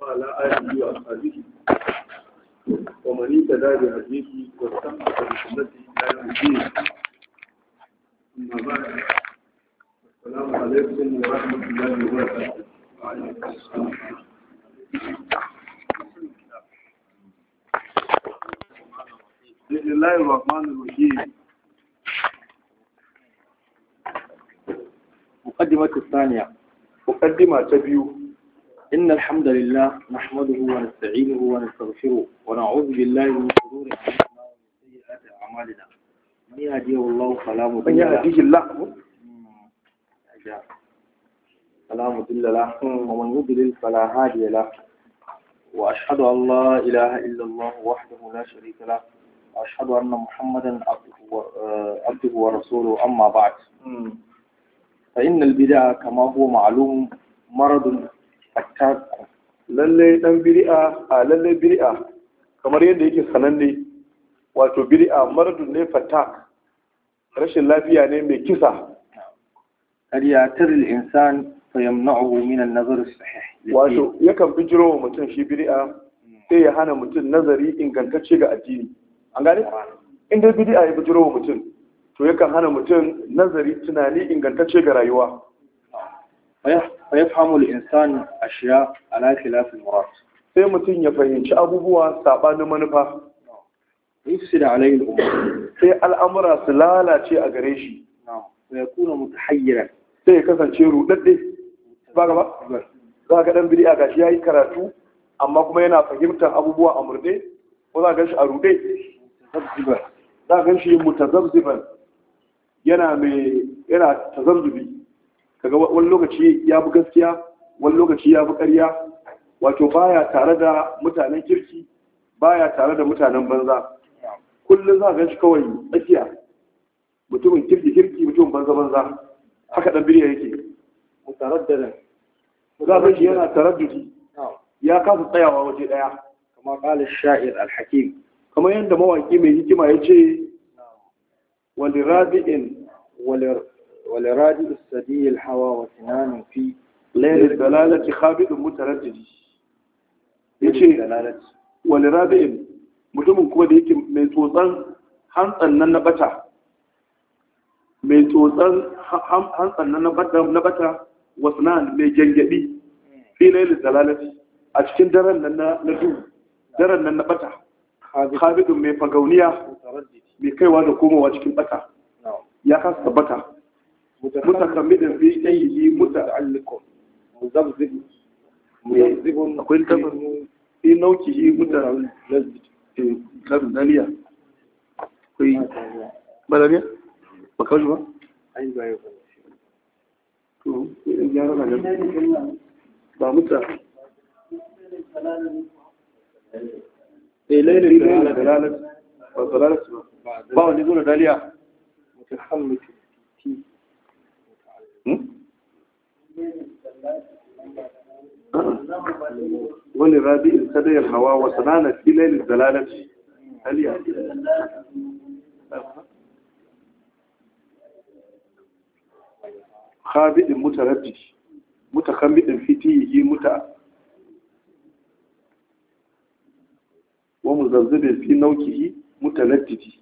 وعلى آله وأصحابه ومن اهتدى بهديه واستمسك بسنته إلى يوم الدين أما بعد السلام عليكم ورحمة الله وبركاته وعليكم السلام بسم الله الرحمن الرحيم مقدمة الثانية مقدمة تبيو إن الحمد لله نحمده ونستعينه ونستغفره ونعوذ بالله من شرور أنفسنا ومن سيئات أعمالنا من يهديه الله فلا مضل له فلا مضل له ومن يضلل فلا هادي له وأشهد أن لا إله إلا الله وحده لا شريك له وأشهد أن محمدا عبده آه، ورسوله أما بعد فإن البدع كما هو معلوم مرض attaku lalle dan bid'a a lalle bid'a kamar yadda yake sananne wato bid'a maradun ne fatak rashin lafiya ne mai kisa qad yatar insan fa yamna'uhu min an nazar sahih wato yakan bijiro wa mutum shi bid'a sai ya hana mutum nazari ingantacce ga addini an gane in dai bid'a ya bijiro wa mutum to yakan hana mutum nazari tunani ingantacce ga rayuwa fa yafhamu al-insanu ashiya ala khilaf murad sai mutum ya fahimci abubuwa sabanin manufa yufsida alayhi al-umur sai al'amura su lalace a gare shi na'am ya kuna mutahayyiran sai ya kasance rudadde ba ga ba za ka dan bid'a gashi yayi karatu amma kuma yana fahimtar abubuwa a murde ko za ka shi a rude za ka shi mutazabziban yana mai yana tazabzubi kaga wani lokaci ya fi gaskiya wani lokaci ya fi ƙarya wato baya tare da mutanen kirki baya tare da mutanen banza kullum za a gan shi kawai tsakiya mutumin kirki kirki mutumin banza banza haka dan birya yake za a shi yana taraddudi ya kasa tsayawa waje daya kamar qala sha'ir al kamar yadda mawaki mai hikima ya ce walirabi'in walir ولرادي الثدي الحوى وسنان في ليل الدلالة خابد متردد yace wani rabi'in mutumin kuma da yake mai tsotsan hantsan nan na bata mai tsotsan hantsan nan na bata wasu nan mai gyangyaɗi filayin dalalati a cikin daren nan na duhu daren nan na bata khabidun mai fagauniya mai kaiwa da komowa cikin bata ya kasa tabbata متكمدا في شيء متعلق مزبزب مزبزب akwai littafin fi naukihi muta'alliq littafin daliya akwai ba daliya ba kawai ba ai ba yau to ya rana ne ba muta eh lailin da dalalat ba dalalat ba ba wani zuwa daliya mutakhalliq Hmm? wani rabi in sadayar hawa wa sanana filayin dalalar aliya khabidin mutarabbi mutakamidin fitihi muta wa muzazzabin fi naukihi mutaladdidi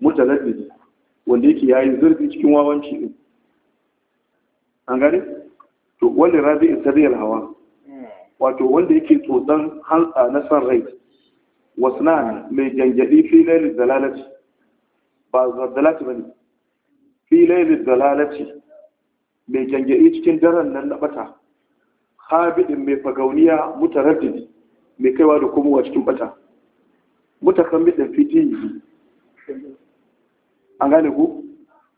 mutaladdidi wanda yake yayi zurfi cikin wawanci din an gane to wanda rabi in sariyar hawa wato wanda yake tsotsan hantsa na san rai wasnan mai fi lail dalalati ba zaddalati bane lail dalalati mai jangadi cikin daren nan na bata habidin mai fagauniya mutaraddidi mai kaiwa da komowa cikin bata mutakammidin fitihi an gane ku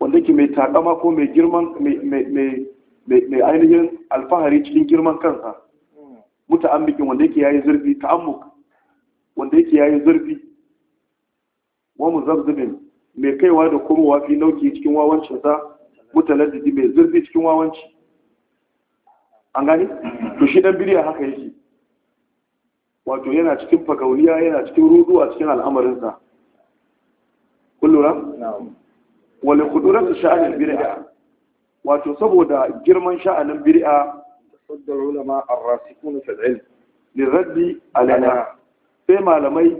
wanda ke mai takama ko mai girman mai ainihin alfahari cikin girman kansa muta'ammikin wanda yake yayi zurfi ta'ammuk wanda yake yayi zurfi wa muzabbibin mai kaiwa da komowa fi nauki cikin wawancin sa mutaladdidi mai zurfi cikin wawanci an gani to shi dan bidiya haka yake wato yana cikin fagauniya yana cikin rudu a cikin al'amarinsa kun lura wal khudurat sha'anil bid'a wato saboda girman sha'anin bid'a saddar ulama ar-rasikun fil ilm li raddi alaina sai malamai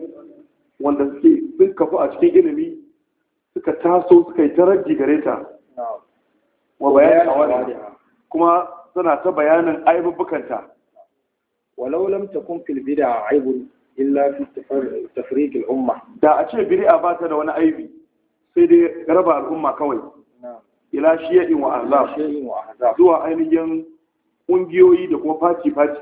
wanda suke sun kafa a cikin ilimi suka taso suka yi taraji gare ta wa bayanin awali kuma suna ta bayanin aibubukanta walau lam kun fil bid'a aibun illa fi tafriq al-umma da a ce bid'a ba ta da wani aibi sai dai raba al'umma kawai ila shi'in wa ahzab zuwa ainihin kungiyoyi da kuma faci faci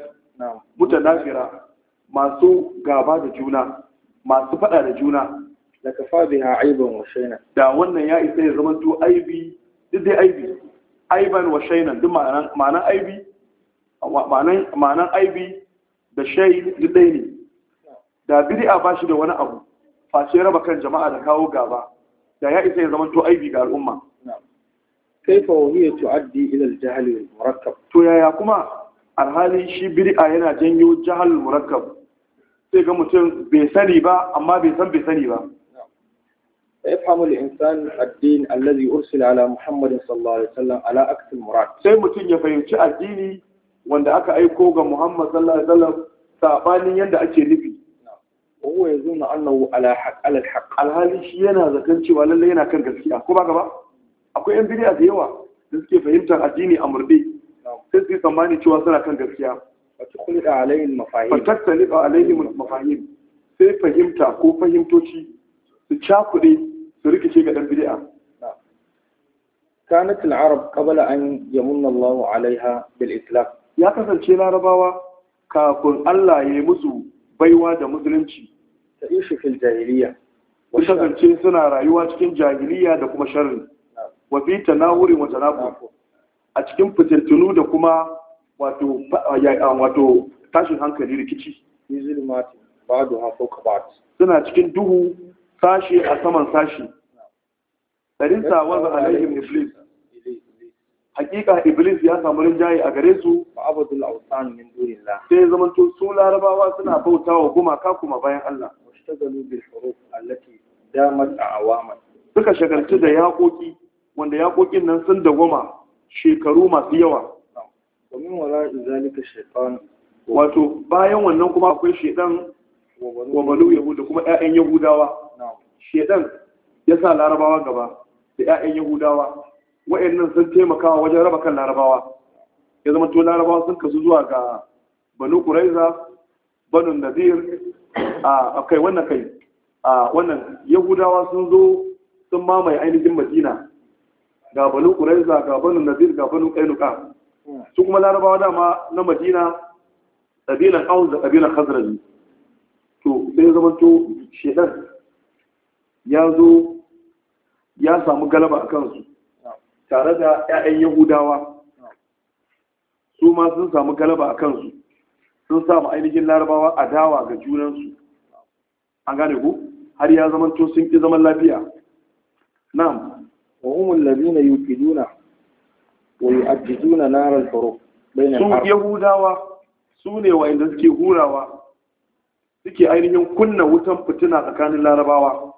mutanafira masu gaba da juna masu fada da juna da kafa biha aiban wa shayna da wannan ya isa ya zama to aibi duk dai aibi aiban wa shayna duk ma'anan aibi ma'anan aibi da shay duk dai ne da bid'a ba shi da wani abu face raba kan jama'a da kawo gaba da ya isa ya zama to aibi ga al'umma kaifa wa hiya tu'addi ila al-jahl al-murakkab to yaya kuma alhali shi bid'a yana janyo jahl murakkab sai ga mutum bai sani ba amma bai san bai sani ba يفهم الإنسان الدين الذي أرسل على محمد صلى الله عليه وسلم على أكس المراد mutum ya fahimci addini wanda aka aiko ga Muhammad sallallahu alaihi wasallam sabanin yanda ake nufi ya zuna annahu ala haqq ala alhaq alhali shi yana zakan cewa lalle yana kan gaskiya ko ba gaba akwai yan bid'a da yawa da suke fahimtar addini a murbi sai su tsammani cewa suna kan gaskiya fatakhulida alaihim mafahim fatakhulida alaihim mafahim sai fahimta ko fahimtoci su cakuɗe su rikice ga dan bid'a كانت العرب قبل أن يمن الله عليها بالإسلام ya kasance larabawa kafin Allah ya yi musu baiwa da musulunci ta'ishu fil jahiliya ku suna rayuwa cikin jahiliya da kuma sharri wa fi tanawuri wa tanabu a cikin fitintunu da kuma wato wato tashin hankali rikici fi zulmati ba'du ha suna cikin duhu sashi a saman sashi darin sawar alaihim iblis hakika iblis ya samu rinjaye a gare su fa awsan min dunillah sai zaman to su larabawa suna bautawa gumaka kuma bayan Allah ishtagalu bil huruf allati damat awaman suka shagaltu da yaƙoƙi wanda yaƙoƙin nan sun dawama shekaru masu yawa domin wala zalika shaytan wato bayan wannan kuma akwai shaytan wa balu yahuda kuma ƴaƴan yahudawa shaytan ya sa larabawa gaba da ƴaƴan yahudawa wa'annan sun taimakawa wajen raba kan larabawa ya zama to larabawa sun kasu zuwa ga banu quraiza banu nadir a kai wannan kai a wannan yahudawa sun zo sun mamaye ainihin madina ga banu quraiza ga banu nadir ga banu qainuqa su kuma larabawa dama na madina kabilan aus da kabilan khazraj to sai zama to shedan ya zo ya samu galaba a kansu tare da 'ya'yan yahudawa su ma sun samu galaba a kansu sun samu ainihin larabawa adawa ga junansu an gane ku har ya zama to sun ki zaman lafiya na'am wa umul ladina yuqiduna wa yu'ajjizuna nar al-furuq bayna sun yahudawa su ne wa'anda suke hurawa suke ainihin kunna wutan fitina tsakanin larabawa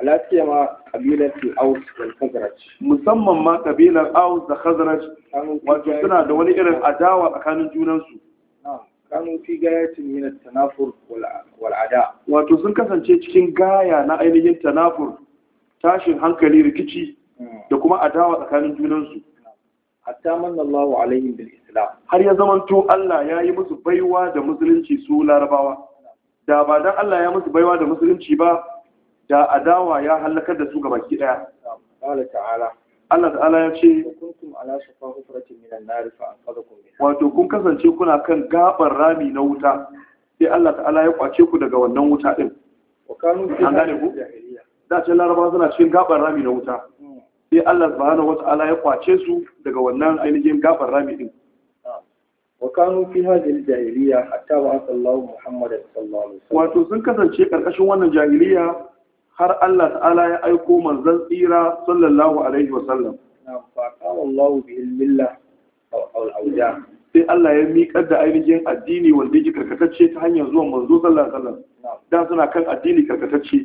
ala ma kabilar aus da khazraj musamman ma kabilar aus da khazraj wato suna da wani irin adawa tsakanin junansu kanu fi gayatin min at-tanafur wal ada wato sun kasance cikin gaya na ainihin tanafur tashin hankali rikici hmm. da kuma adawa tsakanin junansu hatta manna Allahu alaihim bil islam har ya zaman zamanto Allah ya yi musu baiwa da musulunci su larabawa da ba dan Allah ya musu baiwa da musulunci ba da adawa ya halakar da su gabaki daya Allah ta'ala Allah ta'ala ya ce kuntum ala shafa minan nar fa minha wato kun kasance kuna kan gabar rami na wuta sai Allah ta'ala ya kwace ku daga wannan wuta din wa kanu fi jahiliya da ce laraba suna cikin gabar rami na wuta hmm. sai Allah subhanahu wata'ala ya kwace su daga wannan ainihin gabar rami din wa kanu fi hadhihi jahiliya hatta wa sallallahu muhammadan sallallahu alaihi wasallam wato sun kasance karkashin wannan jahiliya har Allah ta'ala ya aiko manzon tsira sallallahu alaihi wa sallam Allah bi ilmillah al-awja sai Allah ya miƙar da ainihin addini wanda yake karkatacce ta hanyar zuwan manzo sallallahu alaihi wa sallam da suna kan addini karkatacce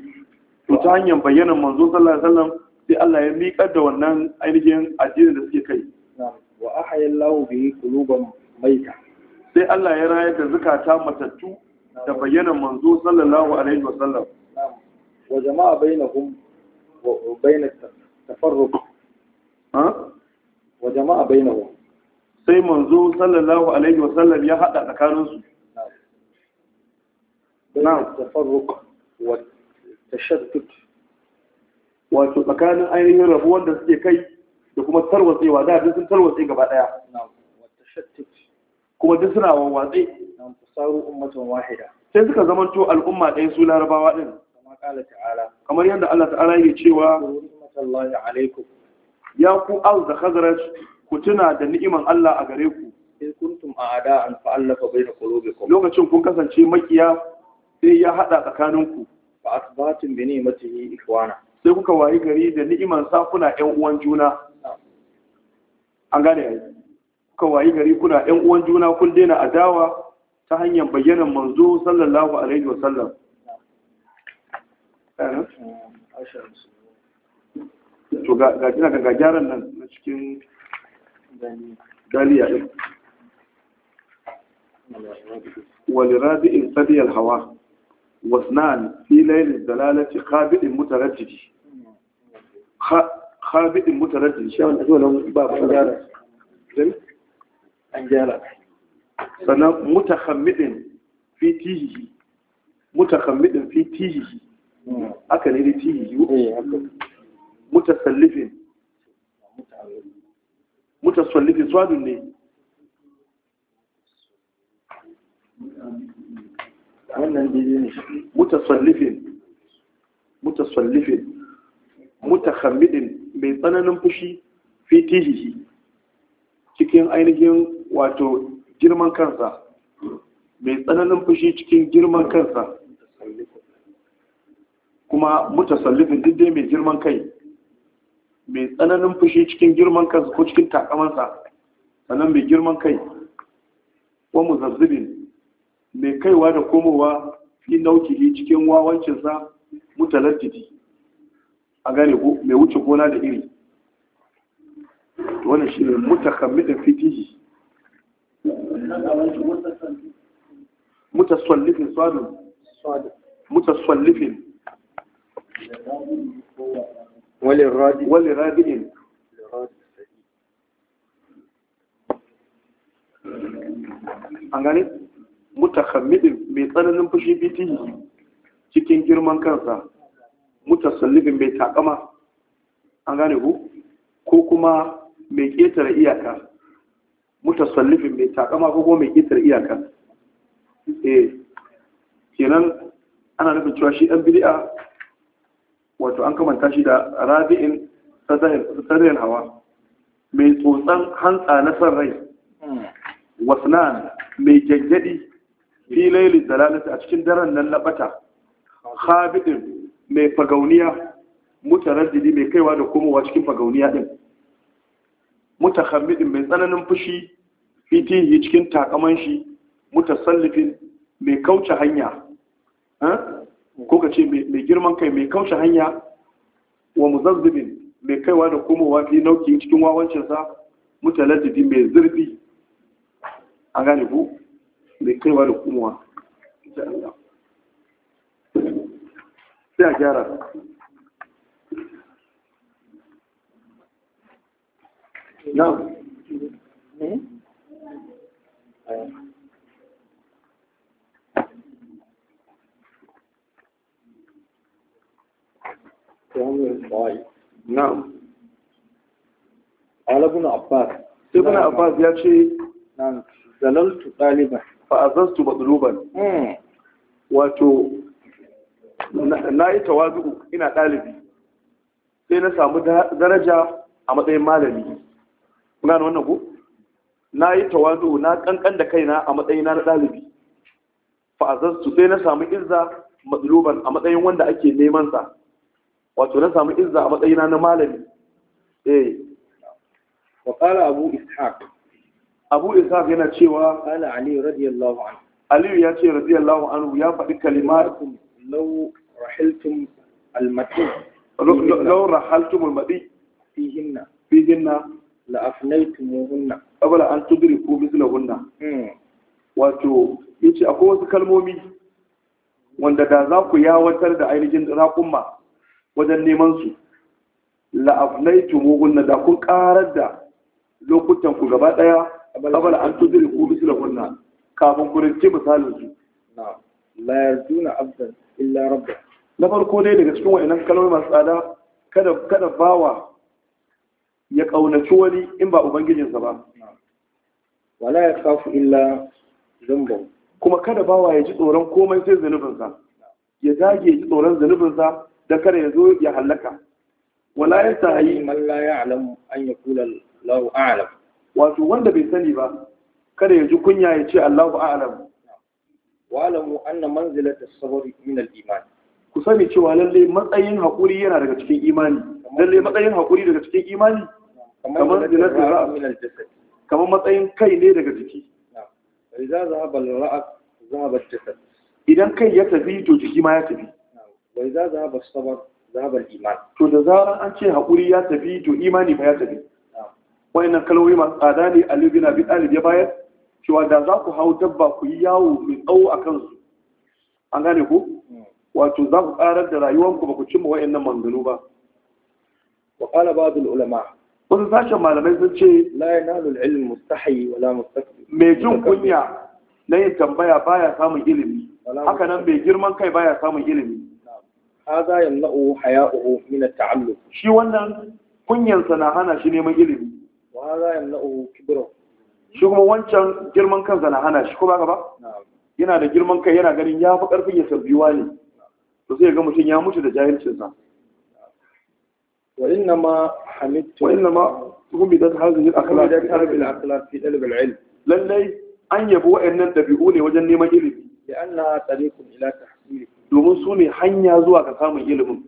to ta hanyar bayanan manzo sallallahu alaihi wa sallam sai Allah ya miƙar da wannan ainihin addinin da suke kai wa ahaya Allah bi quluban maita sai Allah ya rayar da zakata matattu da bayanan manzo sallallahu alaihi wa sallam wa jama'a وبين التفرق ها tafarruq بينهم سي صلى الله عليه sallallahu alaihi wa sallam ya hada tsakanin wato tsakanin ainihin rabuwar da suke kai da kuma tarwatsewa da sun tarwatse gaba daya kuma duk suna wawwatse sai suka zamanto al'umma ɗaya su larabawa ɗin kamar yadda Allah ta'ala yake cewa sallallahu ya ku auza da khazraj ku tuna da ni'iman Allah a gare ku in kuntum an fa allafa baina qulubikum lokacin kun kasance makiya sai ya hada tsakaninku fa asbatum bi ni'matihi ikhwana sai kuka wayi gari da ni'iman sa kuna ƴan uwan juna an gane ai kuka wayi gari kuna ƴan uwan juna kun daina adawa ta hanyar bayyana manzo sallallahu alaihi wa sallam to ga jina nan na cikin daliya ɗin walirazi in sadiyar hawa wasnan filayen dalalaci kabiɗin mutarajji kabiɗin mutarajji shawon da zuwa ba ba gyara an gyara sannan mutakammiɗin fi tihihi haka ne da tihi yiwu eh, mutasallifin mutasallifin swadun ne wannan daidai ne mutasallifin mutasallifin mutakhammidin mai tsananin fushi fi tihihi cikin ainihin wato girman kansa mai tsananin fushi cikin girman kansa kuma mutasallifin duk dai mai girman kai mai tsananin fushi cikin girman kansa ko cikin takamansa sannan mai girman kai wa muzazzibin mai kaiwa da komowa fi naukihi cikin wawancinsa mutalattiti a gane mai wuce gona da iri wannan shi ne mutakammidin fitihi mutasallifin sadun mutasallifin وللرابئ an gane mutakammidin mai tsananin fushi bitihi cikin girman kansa mutasallibin mai takama an gane ku ko kuma mai ƙetare iyaka mutasallibin mai takama ko kuma mai ƙetare iyaka eh kenan ana nufin cewa shi ɗan bid'a wato an kamanta shi da rabi'in sadarin hawa mai tsotsan hantsa na san rai hmm. wasnan mai fi da dalalata a cikin daren nan labata habidin mai fagauniya jini mai kaiwa da komowa cikin fagauniya din mutakhammidin mai tsananin fushi fitihi cikin takaman shi mutasallifin mai kauce hanya ko ka ce mai girman kai mai kaushe hanya wa muzazzibin mai kaiwa da komowa fi nauki cikin wawancinsa mutaladdidi mai zurfi a gane ku mai kaiwa da komowa sai a gyara Na na'am na'am alabun abbas ibn abbas ya ce nan zalaltu ɗaliban fa azaztu matluban hmm. wato na yi tawazu ina ɗalibi sai na samu daraja a matsayin malami kuna da wannan ku na yi tawazu na ƙanƙan da kaina a matsayin na ɗalibi fa'azarsu sai na samu izza matsaloban a matsayin wanda ake neman sa wato na samu izza a matsayina na malami eh wa qala abu ishaq abu ishaq yana cewa qala ali radiyallahu anhu ali ya ce radiyallahu anhu ya faɗi kalimar law rahiltum almati law rahaltum almati fihinna fihinna la afnaytumuhunna qabla an tudriku mithlahunna hmm. wato yace akwai wasu kalmomi wanda da za ku yawatar da ainihin raƙumma wajen neman su la'afnaitu mugunna da kun karar da lokutan ku gaba daya abala an tudiri ku la kunna kafin ku rinci misalin su la yarjuna abdan illa rabba na farko dai daga cikin wayannan kalmomi masu tsada kada kada bawa ya kaunaci wani in ba ubangijinsa ba wala ya kafu illa zamban kuma kada bawa ya ji tsoron komai sai zanubinsa ya dage ya ji tsoron zanubinsa da kare ya zo ya halaka wala ya sahayi man la ya'lam an yaqula Allahu a'lam wato wanda bai sani ba kada ya ji kunya ya ce Allahu a'lam wa alamu anna manzilata as-sabr min al-iman ku sani cewa lalle matsayin hakuri yana daga cikin imani lalle matsayin hakuri daga cikin imani kamar zinatu ra'a min al-jasad kamar matsayin kai ne daga jiki idza zahaba al-ra'a zahaba al-jasad idan kai ya tafi to jiki ma ya tafi wai za za ba sabar zabar iman to da zarar an ce haƙuri ya tafi to imani ba ya tafi nan kalori masu tsada ne a bin Abi bayan. ya bayar cewa da za ku hau dabba ku yi yawo mai tsawo a kansu an gane ku wato za ku ƙarar da rayuwanku ba ku cimma nan manganu ba wa ba ba'd ulama wasu sashen malamai sun ce la yanalu al wala mai jin kunya na yin tambaya baya samun ilimi haka nan mai girman kai baya samun ilimi hadha yamna'u haya'uhu min at-ta'allum shi wannan kunyansa na hana shi neman ilimi wa hadha yamna'u kibra shi kuma wancan girman kansa na hana shi ko ba ba yana da girman kai yana ganin ya fi karfin ya sarbiwa ne to sai ga mutum ya mutu da sa wa inna ma hamidtu wa inna ma humidat hadhihi al-akhlaq al-akhlaq fi talab al-ilm lallai an yabi wa'annan dabi'u ne wajen neman ilimi li'anna tariqun ila tahsil domin su ne hanya zuwa ga samun ilimin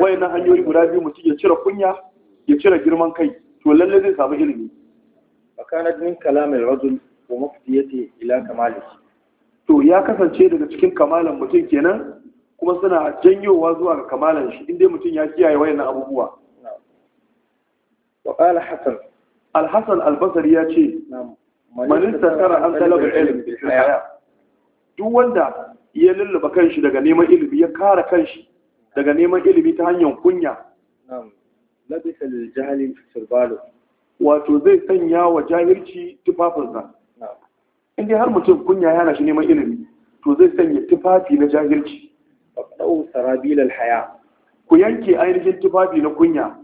wayannan hanyoyi guda biyu mutum ya cire kunya ya cire girman kai to lalle zai samu ilimi fakanat min kalamin rajul wa mafdiyati ila kamali to ya kasance daga cikin kamalan mutum kenan kuma suna janyowa zuwa ga kamalan shi inda mutum ya kiyaye wayannan abubuwa wa qala hasan al-hasan al-basri ya ce man istakara an talaba ilmi bil hayat duk wanda ya lullaba kanshi daga neman ilimi ya kara kanshi daga neman ilimi ta hanyar kunya wato zai sanya wa jahilci tufafinsa inda har mutum kunya yana shi neman ilimi to zai sanya tufafi na jahilci faqdu sarabil sarabilar haya ku yanke ainihin tufafi na kunya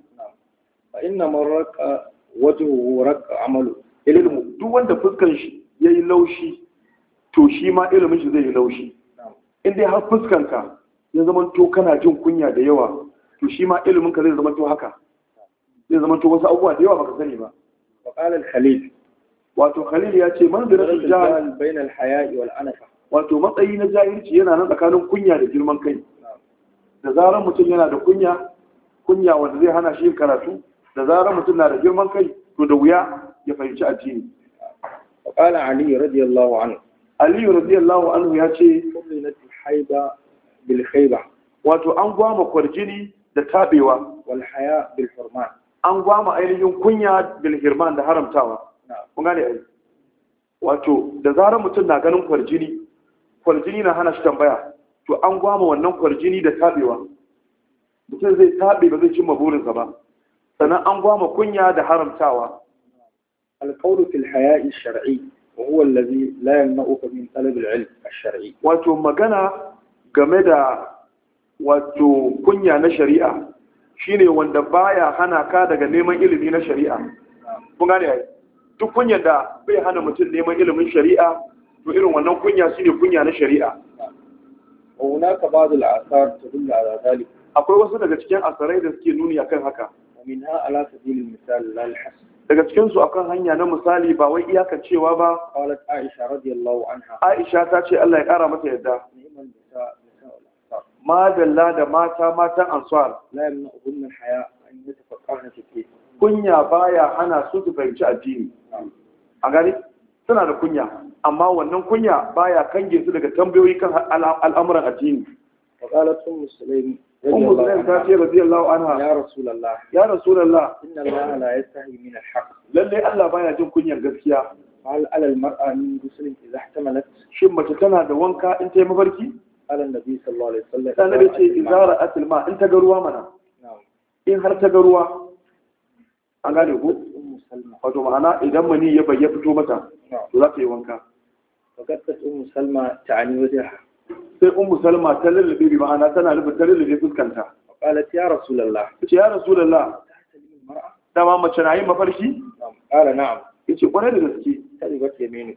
fa inna man wajen wajhuhu amalu ilimu. duk wanda fuskan shi yi laushi to shi ma ilimin shi zai yi laushi in dai har fuskanka ya zama to kana jin kunya da yawa to shi ma ilimin ka zai zama to haka zai zama to wasu abubuwa da yawa baka sani ba wa qala khalil wato khalil ya ce man manzilatu jahil bain al haya'i wal anafa wato matsayi na jahilci yana nan tsakanin kunya da girman kai da zarar mutum yana da kunya kunya wanda zai hana shi yin karatu da zarar mutum na da girman kai to da wuya ya fahimci addini wa qala ali radiyallahu anhu aliyu radiyallahu anhu ya ce haiba bil khaiba wato an gwama kwarjini da tabewa wal haya bil hurman an gwama ainihin kunya bil da haramtawa kun gane ai wato da zarar mutum na ganin kwarjini kwarjini na hana shi tambaya to an gwama wannan kwarjini da tabewa mutum zai tabe ba zai cimma burinsa ba sannan an gwama kunya da haramtawa alƙawlu fil haya'i shar'i وهو الذي لا يمنعك من طلب العلم الشرعي واتو مغانا game da wato kunya na shari'a shine wanda baya hana ka daga neman ilimi na shari'a kun gane ai duk kunya da bai hana mutum neman ilimin shari'a to irin wannan kunya shine kunya na shari'a wa hunaka ba'd al-athar tadullu ala dhalik akwai wasu daga cikin asarai da suke nuni akan haka Amina ala sabilil misal lal hasan daga cikin su akan hanya na misali ba wai iyaka cewa ba qalat aisha radiyallahu anha aisha ta ce Allah ya kara mata yadda ma dalla da mata matan ansar la haya an yatafaqahna kunya baya hana su su fahimci addini a gari suna da kunya amma wannan kunya baya kange su daga tambayoyi kan al'amuran addini wa qalat ummu sulaimi أم سليم تاتي رضي الله عنها يا رسول الله يا رسول الله إن الله لا يستحي من الحق للي بايا على المرأة من إذا احتملت da wanka in tayi mafarki ala nabi sallallahu ce izara atil ma in ta ga ruwa mana in har ta ga ruwa an gane ko wato ma'ana idan mani ya fito mata to za ta yi wanka sai ummu salma ta lullube bi ma'ana tana lullube ta lullube fuskanta qalat ya rasulullah ce ya rasulullah ma mace na yi mafarki qala na'am yace kwarai da gaske taribat yaminu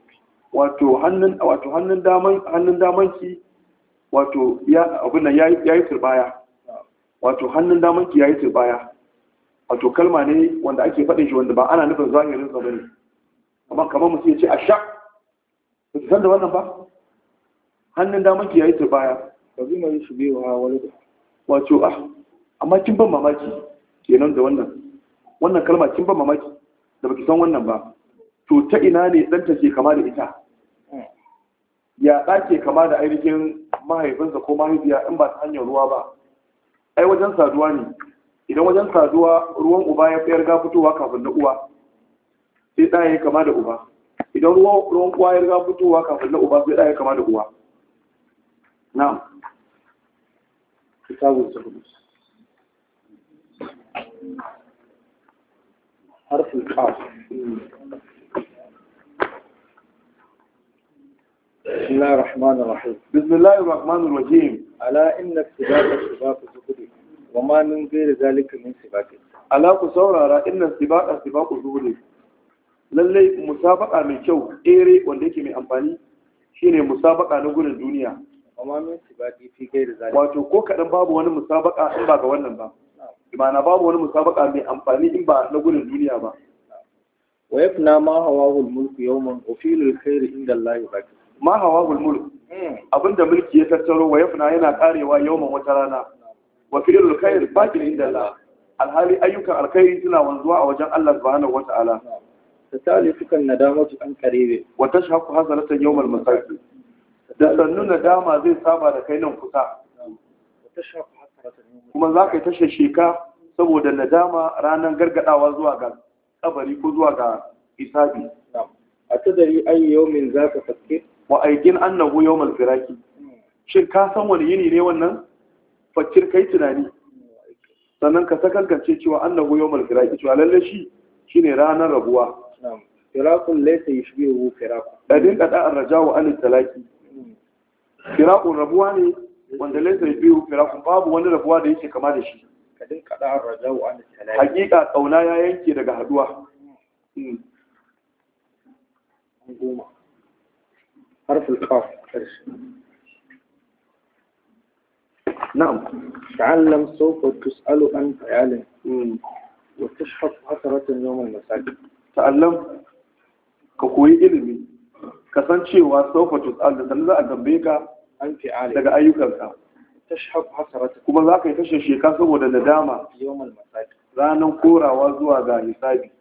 wato hannun wato hannun daman hannun damanki wato ya abin nan yayi yayi turbaya wato hannun yayi turbaya wato kalma ne wanda ake faɗin shi wanda ba ana nufin zahirin sa bane amma kamar mutum ya ce sha. ba san da wannan ba hannun daman ki yayi turbaya ba zai mai shi a wani da wato ah amma kin ban mamaki kenan da wannan wannan kalma kin ban mamaki da baki san wannan ba to ta ina ne ɗanta ke kama da ita hmm. ya ɗa ke kama da ainihin mahaifinsa ko mahaifiya in ba ta hanyar ruwa ba ai wajen saduwa ne idan wajen saduwa ruwan uba ya fiyar ga fitowa kafin na uwa sai ɗa ya kama da uba idan ruwan uwa ya ga fitowa kafin na uba sai ɗa ya kama da uwa نعم كتاب الزهد حرف القاف بسم الله الرحمن الرحيم بسم الله الرحمن الرحيم ألا إن السباق السباق زهدي وما من غير ذلك من سباق ألا تصور إن السباق سباق زهدي للي musabaka من kyau ere wanda yake mai amfani shine musabaka الدنيا wato ko kaɗan babu wani musabaka in ba ga wannan ba imana babu wani musabaka mai amfani in ba na gudun duniya ba wa yafna ma hawahul mulku yawman ufilul khairi inda Allah baki ma hawahul mulku. Hmm. abinda mulki ya tattaro wa yafna yana karewa yawman wata rana wa filul khairi baki inda Allah alhali ayyukan alkhairi suna wanzuwa a wajen Allah subhanahu wata'ala tatali sukan nadamatu an qarebe wa tashhaqu hasanatan yawmal masaki da sannu na dama zai saba da kai nan kusa kuma za ka yi tashar sheka saboda nadama ranar gargadawa zuwa ga kabari ko zuwa ga isabi a yi yau min za ka fakke wa aikin yau mai firaki shin ka san wani yini ne wannan fakir kai tunani sannan ka sakankance cewa yau mai firaki cewa lalle shi shine ranar rabuwa firakun laysa yushbihu firakun ɗadin ɗaɗa an rajawu anin talaki firakun rabuwa ne wanda laisa biyu firakun babu wani rabuwa da yake kama da shi hakika kauna ya yanke daga haduwa hmm. goma harful qaf نعم تعلم سوف تسأل عن فعل وتشحط حسرة يوم المساجد تعلم كقوي Kasan cewa sofa tusal da sannan za a tambaye ka daga ayyukanka tashhab hasarat kuma za ka yi tashin sheka saboda nadama yawmal masad ranan korawa zuwa ga hisabi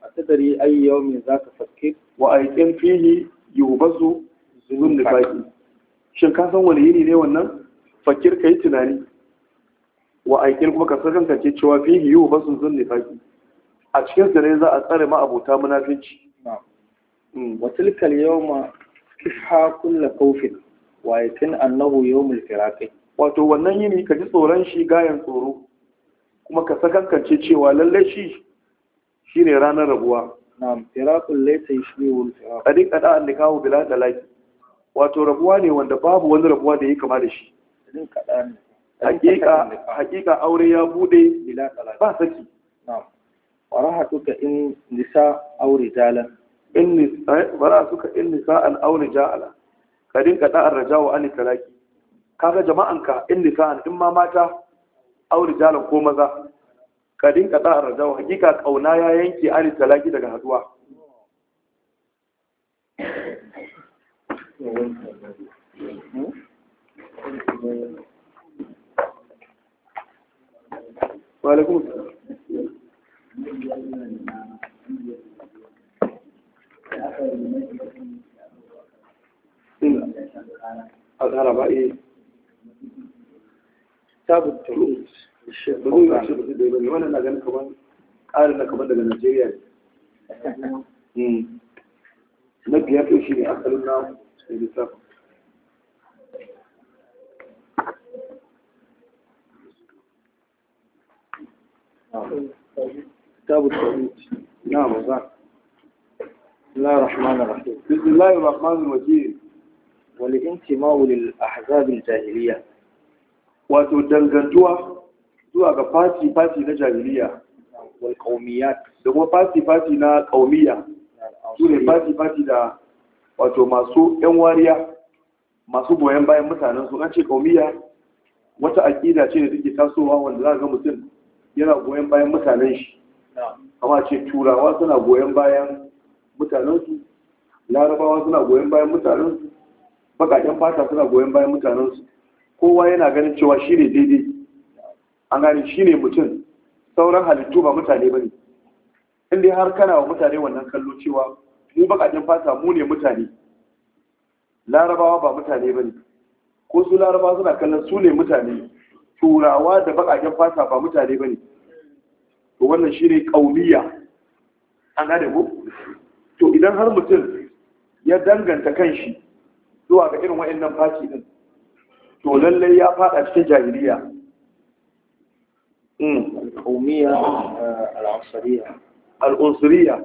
a tadari ay yawmin za ka fakke wa ayqin fihi yubasu da baki shin ka san wani yini ne wannan fakir kai tunani wa aikin kuma ka san kanka ce cewa fihi yubasu da baki a cikin sa ne za a tsare ma abota munafici وتلك اليوم كفها كل خوف ويقن أنه يوم الفراق wato wannan yini ka ji tsoron shi gayan tsoro kuma ka sakankance cewa lallai shi shine ranar rabuwa na'am firaqul laysa yashbihu firaq kadi kada an nikahu bila talaqi wato rabuwa ne wanda babu wani rabuwa da ya kama da shi hakika aure ya bude ba saki na'am wa rahatuka in nisa aure jalan inni eh, bara suka inni sa'an aure ja'ala ka dinka ɗa'ar raja wa ani talaki kaga jama'an ka inni sa'an in ma mata aure ja'ala ko maza ka dinka ɗa'ar raja wa hakika kauna ya yanke an talaki daga haduwa wa alaikum أظهر بقى كتاب التروج بقول لك شو بدي بقول وانا لا جنك كمان قال لك بدل ده نيجيريا امم نجي ياكل شيء اكل لنا اللي صار كتاب التروج نعم صح بسم الله الرحمن الرحيم بسم الله الرحمن الرحيم Wani inci ma'ulil a al jahiliya wato dangantuwa zuwa ga fati fati na jahiliya wal kaumiya da kuma fati fati na kaumiya su ne fati fati da wato masu yan wariya masu goyon bayan mutanen su an ce kaumiya wata akida ce da take tasowa wanda za ga mutum yana goyon bayan mutanen shi amma ce turawa suna goyon bayan mutanensu larabawa suna goyon bayan mutanensu bakaƙen fata suna goyon bayan mutanensu kowa yana ganin cewa shi ne daidai an gani shi ne mutum sauran halittu ba mutane ba ne in dai har kana wa mutane wannan kallo cewa mu bakaƙen fata mu ne mutane larabawa ba mutane ba ne ko su larabawa suna kallon su ne mutane turawa da bakaƙen fata ba mutane ba ne to wannan shi ne ƙaumiya an gane ko to idan har mutum ya danganta kanshi zuwa ga irin wa'annan faki din to lallai ya fada cikin jahiliya hmm. al-qawmiyya uh, al-ansariyya al-ansariyya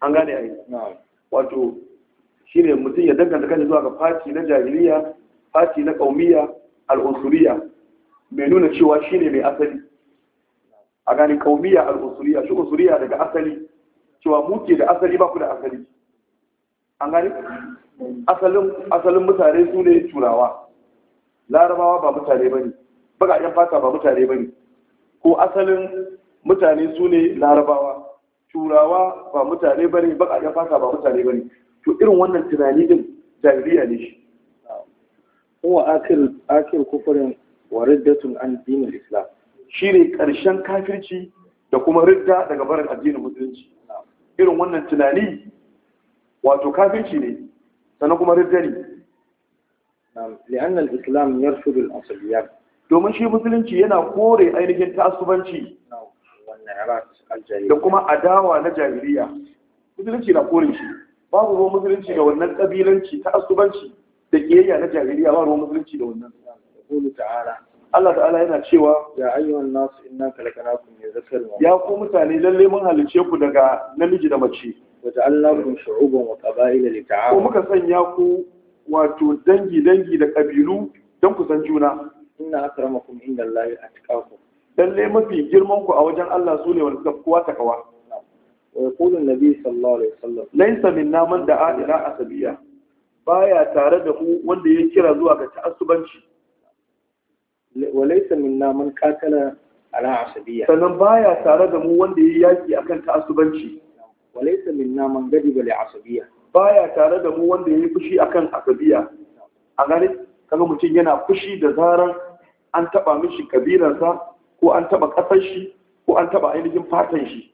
an gane ai wato shine mutum ya danganta kansa zuwa ga faki na jahiliya faki na qawmiyya al-ansariyya mai nuna cewa shine mai asali a gane qawmiyya al-ansariyya shi usuriya daga asali cewa muke da asali ba ku da asali an gane asalin mutane su ne turawa larabawa ba mutane ba ne bagayen fata ba mutane ba ne ko asalin mutane su ne larabawa turawa ba mutane ba ne bagayen fata ba mutane ba ne to irin wannan tunani din jahiliya ne shi kuma akil kufurin wa riddatun an dinin islam shi ne ƙarshen kafirci da kuma ridda daga barin addinin musulunci irin wannan tunani wato kafirci ne sannan kuma rijali لأن الإسلام يرفض الأصليات domin shi musulunci yana kore ainihin ta'assubanci da kuma adawa na jahiliya musulunci na kore shi babu ruwan musulunci da wannan kabilanci ta'assubanci da kiyayya na jahiliya ba ruwan musulunci da wannan Allah ta'ala yana cewa ya ayyuhan nasu inna khalaqnakum min dhakarin ya ku mutane lalle mun halice ku daga namiji da mace wa وجعلناكم شعوبا وقبائل لتعارفوا ومكا سنياكو واتو دنجي دنجي دا قبيلو دنكو سنجونا إن أكرمكم عند الله أتقاكم lalle mafi girman ku a wajen Allah su ne wanda suka kowa takawa wa yaqulu an-nabi sallallahu alaihi wasallam laysa minna man da'a ila asabiya baya tare da ku wanda ya kira zuwa ga ta'assubanci wa laysa minna man qatala ala asabiya sannan baya tare da mu wanda ya yaki akan ta'assubanci walaysa minna man gadiba li asabiyya baya tare da mu wanda yi fushi akan asabiya a gare kaga mutum yana fushi da zaran an taba mishi kabilarsa ko an taba kasar shi ko an taba ainihin fatan shi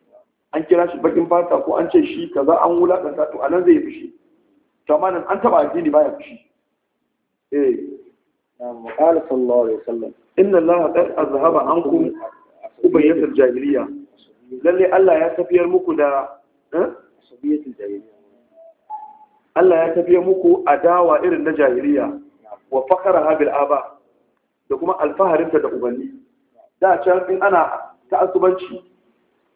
an kira shi bakin fata ko an ce shi kaza an wulakanta to anan zai fushi to an taba addini baya fushi eh na qala sallallahu alaihi wasallam inna jahiliya lalle Allah ya tafiyar muku da Allah ya tafi muku adawa irin na jahiliya wa fakara habil aba da kuma alfaharinta da ubanni da can in ana ta'assubanci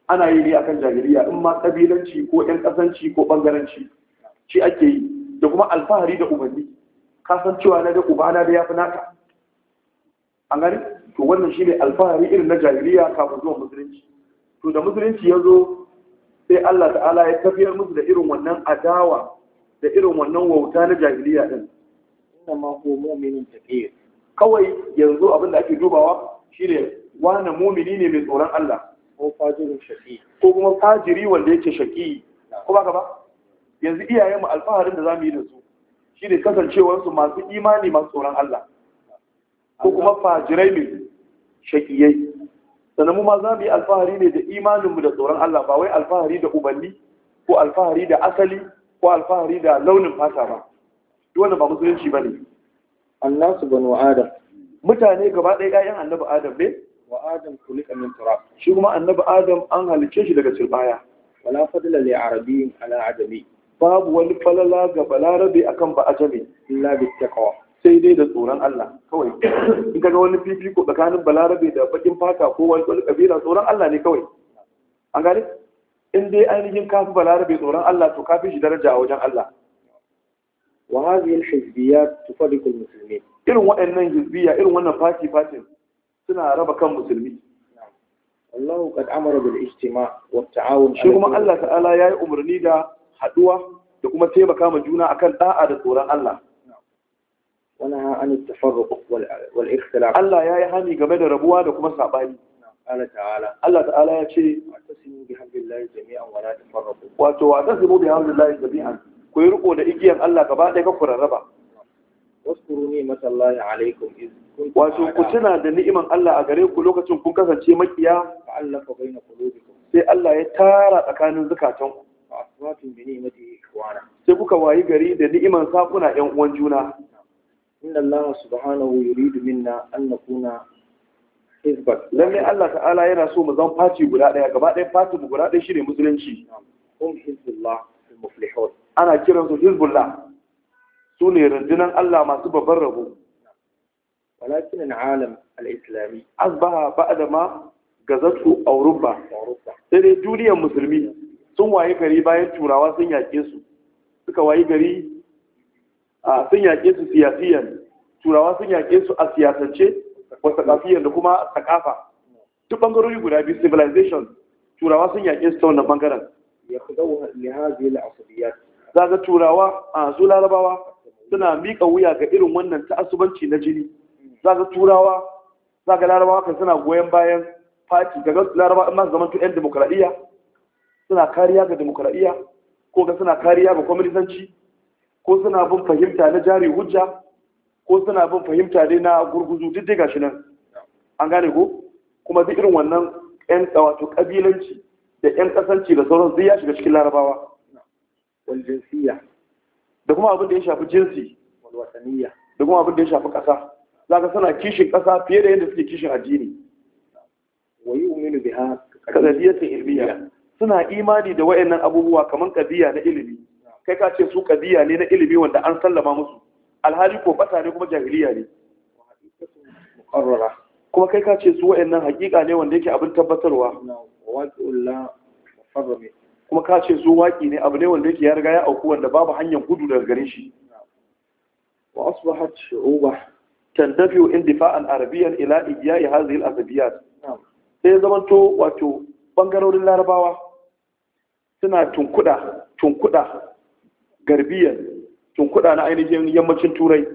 ana yi ne akan jahiliya in ma kabilanci ko ƴan kasanci ko bangaranci shi ake yi da kuma alfahari da ubanni cewa na da ubana da yafi naka an gani to wannan shine alfahari irin na jahiliya kafin zuwa musulunci to da musulunci ya zo sai Allah ta'ala ya tafiyar musu da irin wannan adawa da irin wannan wauta na jahiliya din inna ko mu'minin taqiyyu kawai yanzu abin da ake dubawa shine wani mu'mini ne mai tsoron Allah ko fajirin shaki ko kuma fajiri wanda yake shaki ko baka ba yanzu iyayen mu alfaharin da zamu yi da su shine kasancewar su masu imani masu tsoron Allah ko kuma fajirai mai shakiyai sannan mu ma za mu yi alfahari ne da imaninmu da tsoron Allah ba wai alfahari da ubanni ko alfahari da asali ko alfahari da launin fata ba duk wanda ba musulunci ba ne Annasu subhanahu adam mutane gaba ɗaya ƴaƴan annabi adam ne wa adam kulika min turab shi kuma annabi adam an halice shi daga turbaya wala fadla li arabiyyin ala adami babu wani falala ga balarabe akan ba ajami illa bi taqwa sai dai da tsoron Allah kawai Ka ga wani fifiko tsakanin balarabe da bakin fata ko wani wani kabila tsoron Allah ne kawai an gane in dai ainihin kafi balarabe tsoron Allah to kafi shi daraja a wajen Allah wa hadhihi al-hizbiyat tufariqu al-muslimin irin waɗannan hizbiya irin wannan fati fatin suna raba kan musulmi Allahu qad amara bil ijtima' wa ta'awun shi kuma Allah ta'ala yayi umarni da haduwa da kuma taimaka ma juna akan da'a da tsoron Allah ونهى عن التفرق والاختلاف الله يا يهاني game da rabuwa da kuma sabani Allah ta'ala Allah ta'ala ya ce atasimu bihamdillahi jami'an wa la tafarraqu wato atasimu bihamdillahi jami'an ku yi riko da igiyan Allah gaba ɗaya kan ku rarraba ne ni'matallahi alaikum iz kuntum wato ku tuna da ni'iman Allah a gare ku lokacin kun kasance makiya fa'allafa baina qulubikum sai Allah ya tara tsakanin zukatanku fa'asbatun bi ni'matihi ikhwana sai kuka wayi gari da ni'iman sa kuna ƴan uwan juna inna Allah subhanahu yuridu minna an nakuna hizbat lalle Allah ta'ala yana so mu zan faci guda daya gaba daya faci mu guda daya shine musulunci hizbullah muflihun ana kiran su hizbullah su ne rundunan Allah masu babban rabo walakin alam al-islami asbaha ba'da ma gazatu sai dai duniyar musulmi sun waye gari bayan turawa sun yaƙe su suka waye gari sun yaƙe su siyasiyan turawa sun yaƙe su a siyasance wasu kafiyan da kuma ƙafa. duk ɓangarori guda biyu civilization turawa sun yaƙe su ta wannan ɓangaren. za ga turawa a su larabawa suna miƙa wuya ga irin wannan ta'asubanci na jini za ga turawa za ga larabawa kan suna goyon bayan fati ga larabawa in ma zaman tu yan demokradiyya suna kariya ga demokradiyya ko ga suna kariya ga kwamitanci ko suna bin fahimta na jari hujja ko suna bin fahimta ne na gurguzu duk dai gashi nan an gane ko kuma duk irin wannan yan wato kabilanci da yan kasanci da sauran zai ya shiga cikin larabawa wal jinsiya da kuma abin da ya shafi jinsi wal wataniya da kuma abin da ya shafi kasa zaka suna kishin kasa fiye da yadda suke kishin addini wa yu'minu biha kadaliyatin ilmiya suna imani da wayannan abubuwa kamar kadiya na ilimi kai ka ce su kadiya ne na ilimi wanda an sallama musu alhali ko bata ne kuma jahiliya ne kuma kai ka ce su wa'annan hakika ne wanda yake abin tabbatarwa kuma ka ce su waki ne abu ne wanda yake ya riga ya auku wanda babu hanyar gudu daga garin shi wa asbahat shu'uba tandafiu indifa'an arabiyyan ila iyayi hadhihi al-asabiyat sai zamanto wato bangarorin larabawa suna tunkuda tunkuda garbiyan kuɗa na ainihin yammacin turai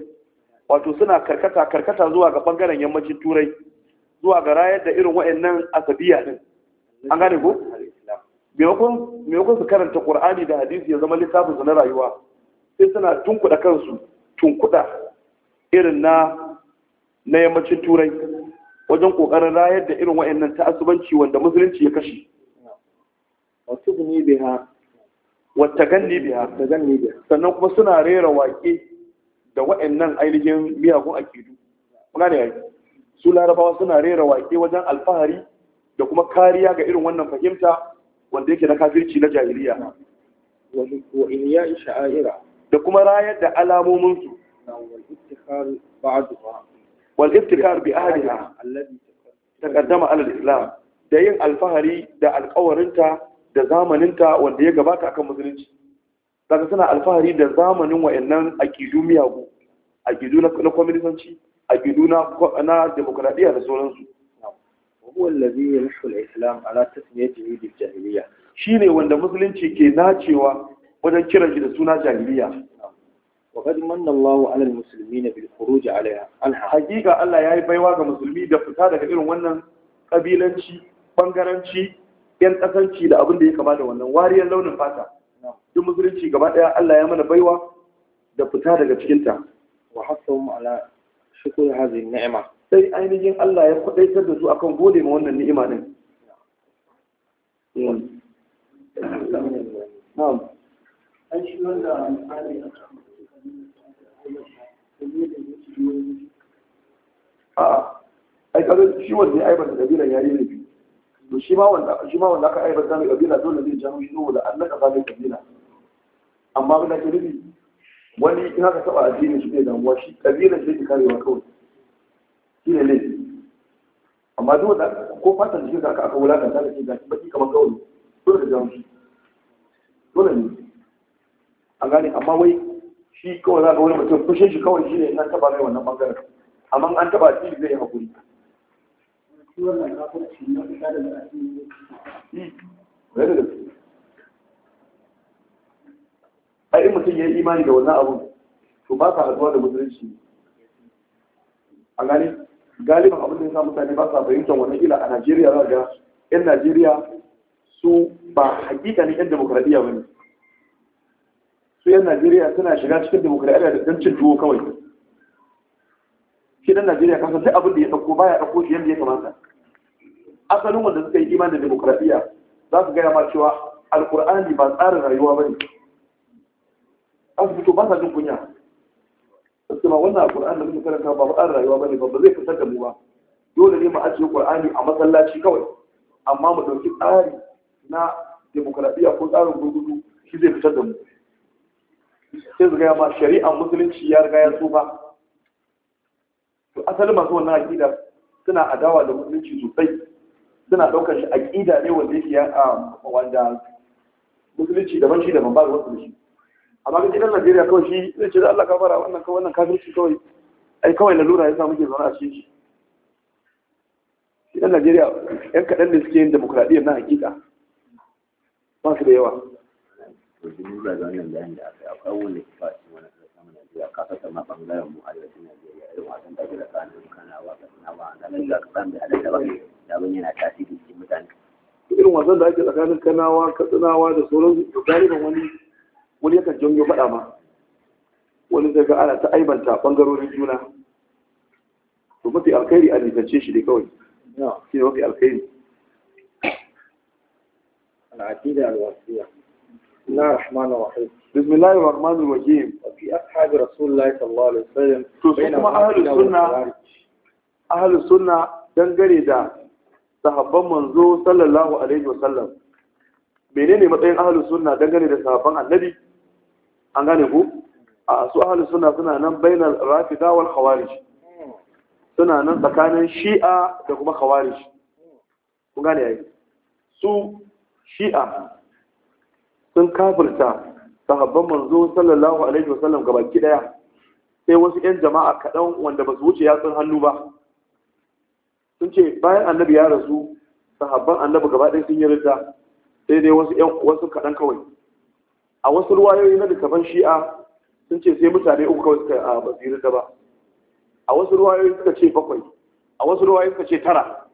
wato suna karkata karkata zuwa ga bangaren yammacin turai zuwa ga rayar da irin wa'annan asabiya din an gane ko maimakon su karanta qur'ani da hadisi ya zama lissafin su na rayuwa sai suna tunkuɗa kansu tunkuɗa irin na na yammacin turai wajen ƙoƙarin rayar da irin wa'annan ta'assubanci wanda musulunci ya kashe wa tubni biha wata ganni biya da ganni biya sannan kuma suna rera waƙe da wa'annan ainihin miyagun akidu kuna ne yi. su larabawa suna rera waƙe wajen alfahari da kuma kariya ga irin wannan fahimta wanda yake na kafirci na jahiliya wa iya sha'ira da kuma rayar da alamomin su wal iftikar bi ahliha allati taqaddama islam da yin alfahari da alƙawarinta da zamaninta wanda ya gabata akan musulunci daga suna alfahari da zamanin wa'annan aƙidu miyagu aƙidu na kwaminisanci aƙidu na demokradiyya da sauransu wahuwa lalazi ya jahiliya shine wanda musulunci ke nacewa wajen kiran shi da suna jahiliya وقد من الله على المسلمين بالخروج عليها الحقيقه Allah yayi baiwa ga musulmi da fita daga irin wannan kabilanci bangaranci yan kasanci da abin da ya kama da wannan wariyar launin fata duk musulunci gaba daya Allah ya mana baiwa da fita daga cikinta wa hasum ala shukr hadhihi ni'ma sai ainihin Allah ya kudaitar da su akan gode ma wannan ni'ima din na'am an shi wanda misali a ai kaga shi wanda ya aibata kabilan yayi ne to shi ma wanda shi ma wanda aka aibar zami kabila dole zai jami shi saboda an naka zami kabila amma abin da ke nufi wani in haka taba addini shi ne damuwa shi kabila shi ke karewa kawai shi ne laifi amma duk wanda ko fatan jikin ka aka wulakanta da ke gashi baki kamar kawai dole ka jami shi dole ne a gane amma wai shi kawai za ka wani mutum fushin shi kawai shi ne in an taba mai wannan bangaren amma an taba shi zai yi hakuri shi ne a mutum ya yi imani da wannan abu, to ba sa haduwa da musulunci a gani galiban abin da ya sa mutane ba sa fahimtar wannan ila a najeriya za ga yan najeriya su ba hakikanin yan demokradiyya ba ne su yan najeriya suna shiga cikin demokradiyya da don cin tuwo kawai shi dan najeriya kasa sai abin da ya ɗauko baya ɗauko shi yadda ya kamata asalin wanda suka yi imanin da za su gaya ma cewa alkur'ani ba tsarin rayuwa ba ne su fito ba sa jin kunya suke ma, wannan alkur'ani da suka karanta ba tsarin rayuwa ba ne ba ba zai fitar da mu ba dole ne mu ajiye qur'ani a masallaci kawai amma mu ɗauki tsari na demokradiyya ko tsarin gurgudu shi zai fitar da mu sai su gaya ma shari'ar musulunci ya riga ya tsufa to asalin masu wannan aƙida suna adawa da musulunci sosai suna ɗaukar shi aƙida ne wanda yake a ah, wanda musulunci daban shi daban ba da musulunci. shi amma ga cikin najeriya kawai shi zai ce da allah kafara wannan kawai wannan kafirci kawai ai kawai lalura ya samu ke zaune a cikin shi ɗan najeriya yan kaɗan da suke yin demokuraɗiyyar na hakika ba su da yawa Najeriya da abin yana tasiri cikin mutane irin wasan da ake tsakanin kanawa katsinawa da sauran galiban wani wani yakan janyo faɗa ma wani daga ana ta aibanta ɓangarorin juna to mafi alkhairi a nisance shi ne kawai shi ne mafi alkhairi العقيدة الوصية بسم الله الرحمن الرحيم بسم الله الرحمن الرحيم وفي أصحاب رسول الله صلى الله عليه وسلم تصوم أهل السنة أهل السنة دنجري دا sahabban manzo sallallahu alaihi wasallam menene matsayin ahlus sunna dangane da sahabban annabi an gane ku a su ahlus sunna suna nan bainal rafida wal khawarij suna nan tsakanin shi'a da kuma khawarij kun gane yayi su shi'a sun kafirta sahabban manzo sallallahu alaihi wasallam gabaki daya sai wasu yan jama'a kaɗan wanda ba su wuce yatsun hannu ba sun ce bayan annabi ya rasu sahabban annabi gaba ɗaya sun yi ridda sai dai wasu ƴan wasu kaɗan kawai a wasu ruwayoyi na littafan shi'a sun ce sai mutane uku kawai suka a ba su ridda ba a wasu ruwayoyi suka ce bakwai a wasu ruwayoyi suka ce tara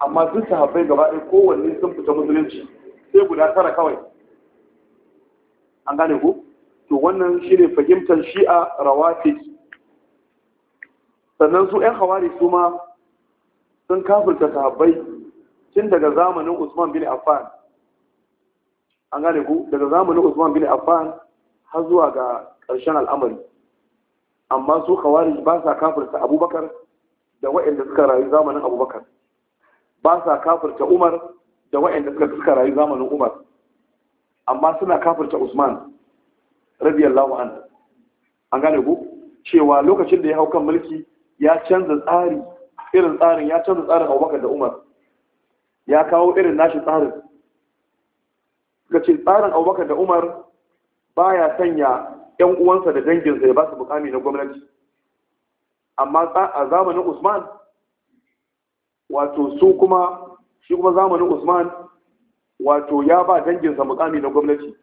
amma duk sahabbai gaba ɗaya kowanne sun fita musulunci sai guda tara kawai an gane ku to wannan shine fahimtar shi'a rawafis sannan su 'yan hawari su ma sun kafirta sahabbai tun daga zamanin usman bin affan an gane ku daga zamanin usman bin affan har zuwa ga ƙarshen al'amari amma su hawari ba sa kafirta abubakar da wa'inda suka rayu zamanin abubakar ba sa kafirta umar da wa'inda suka suka rayu zamanin umar amma suna kafirta usman radiyallahu an an gane ku cewa lokacin da ya hau kan mulki ya canza tsari irin tsarin ya canza tsarin abubakar da umar ya kawo irin nashi tsarin ga ce tsarin abubakar da umar ba ya sanya 'yan uwansa da danginsa ya ba su mukami na gwamnati amma a zamanin usman wato su kuma shi kuma zamanin usman wato ya ba danginsa mukami na gwamnati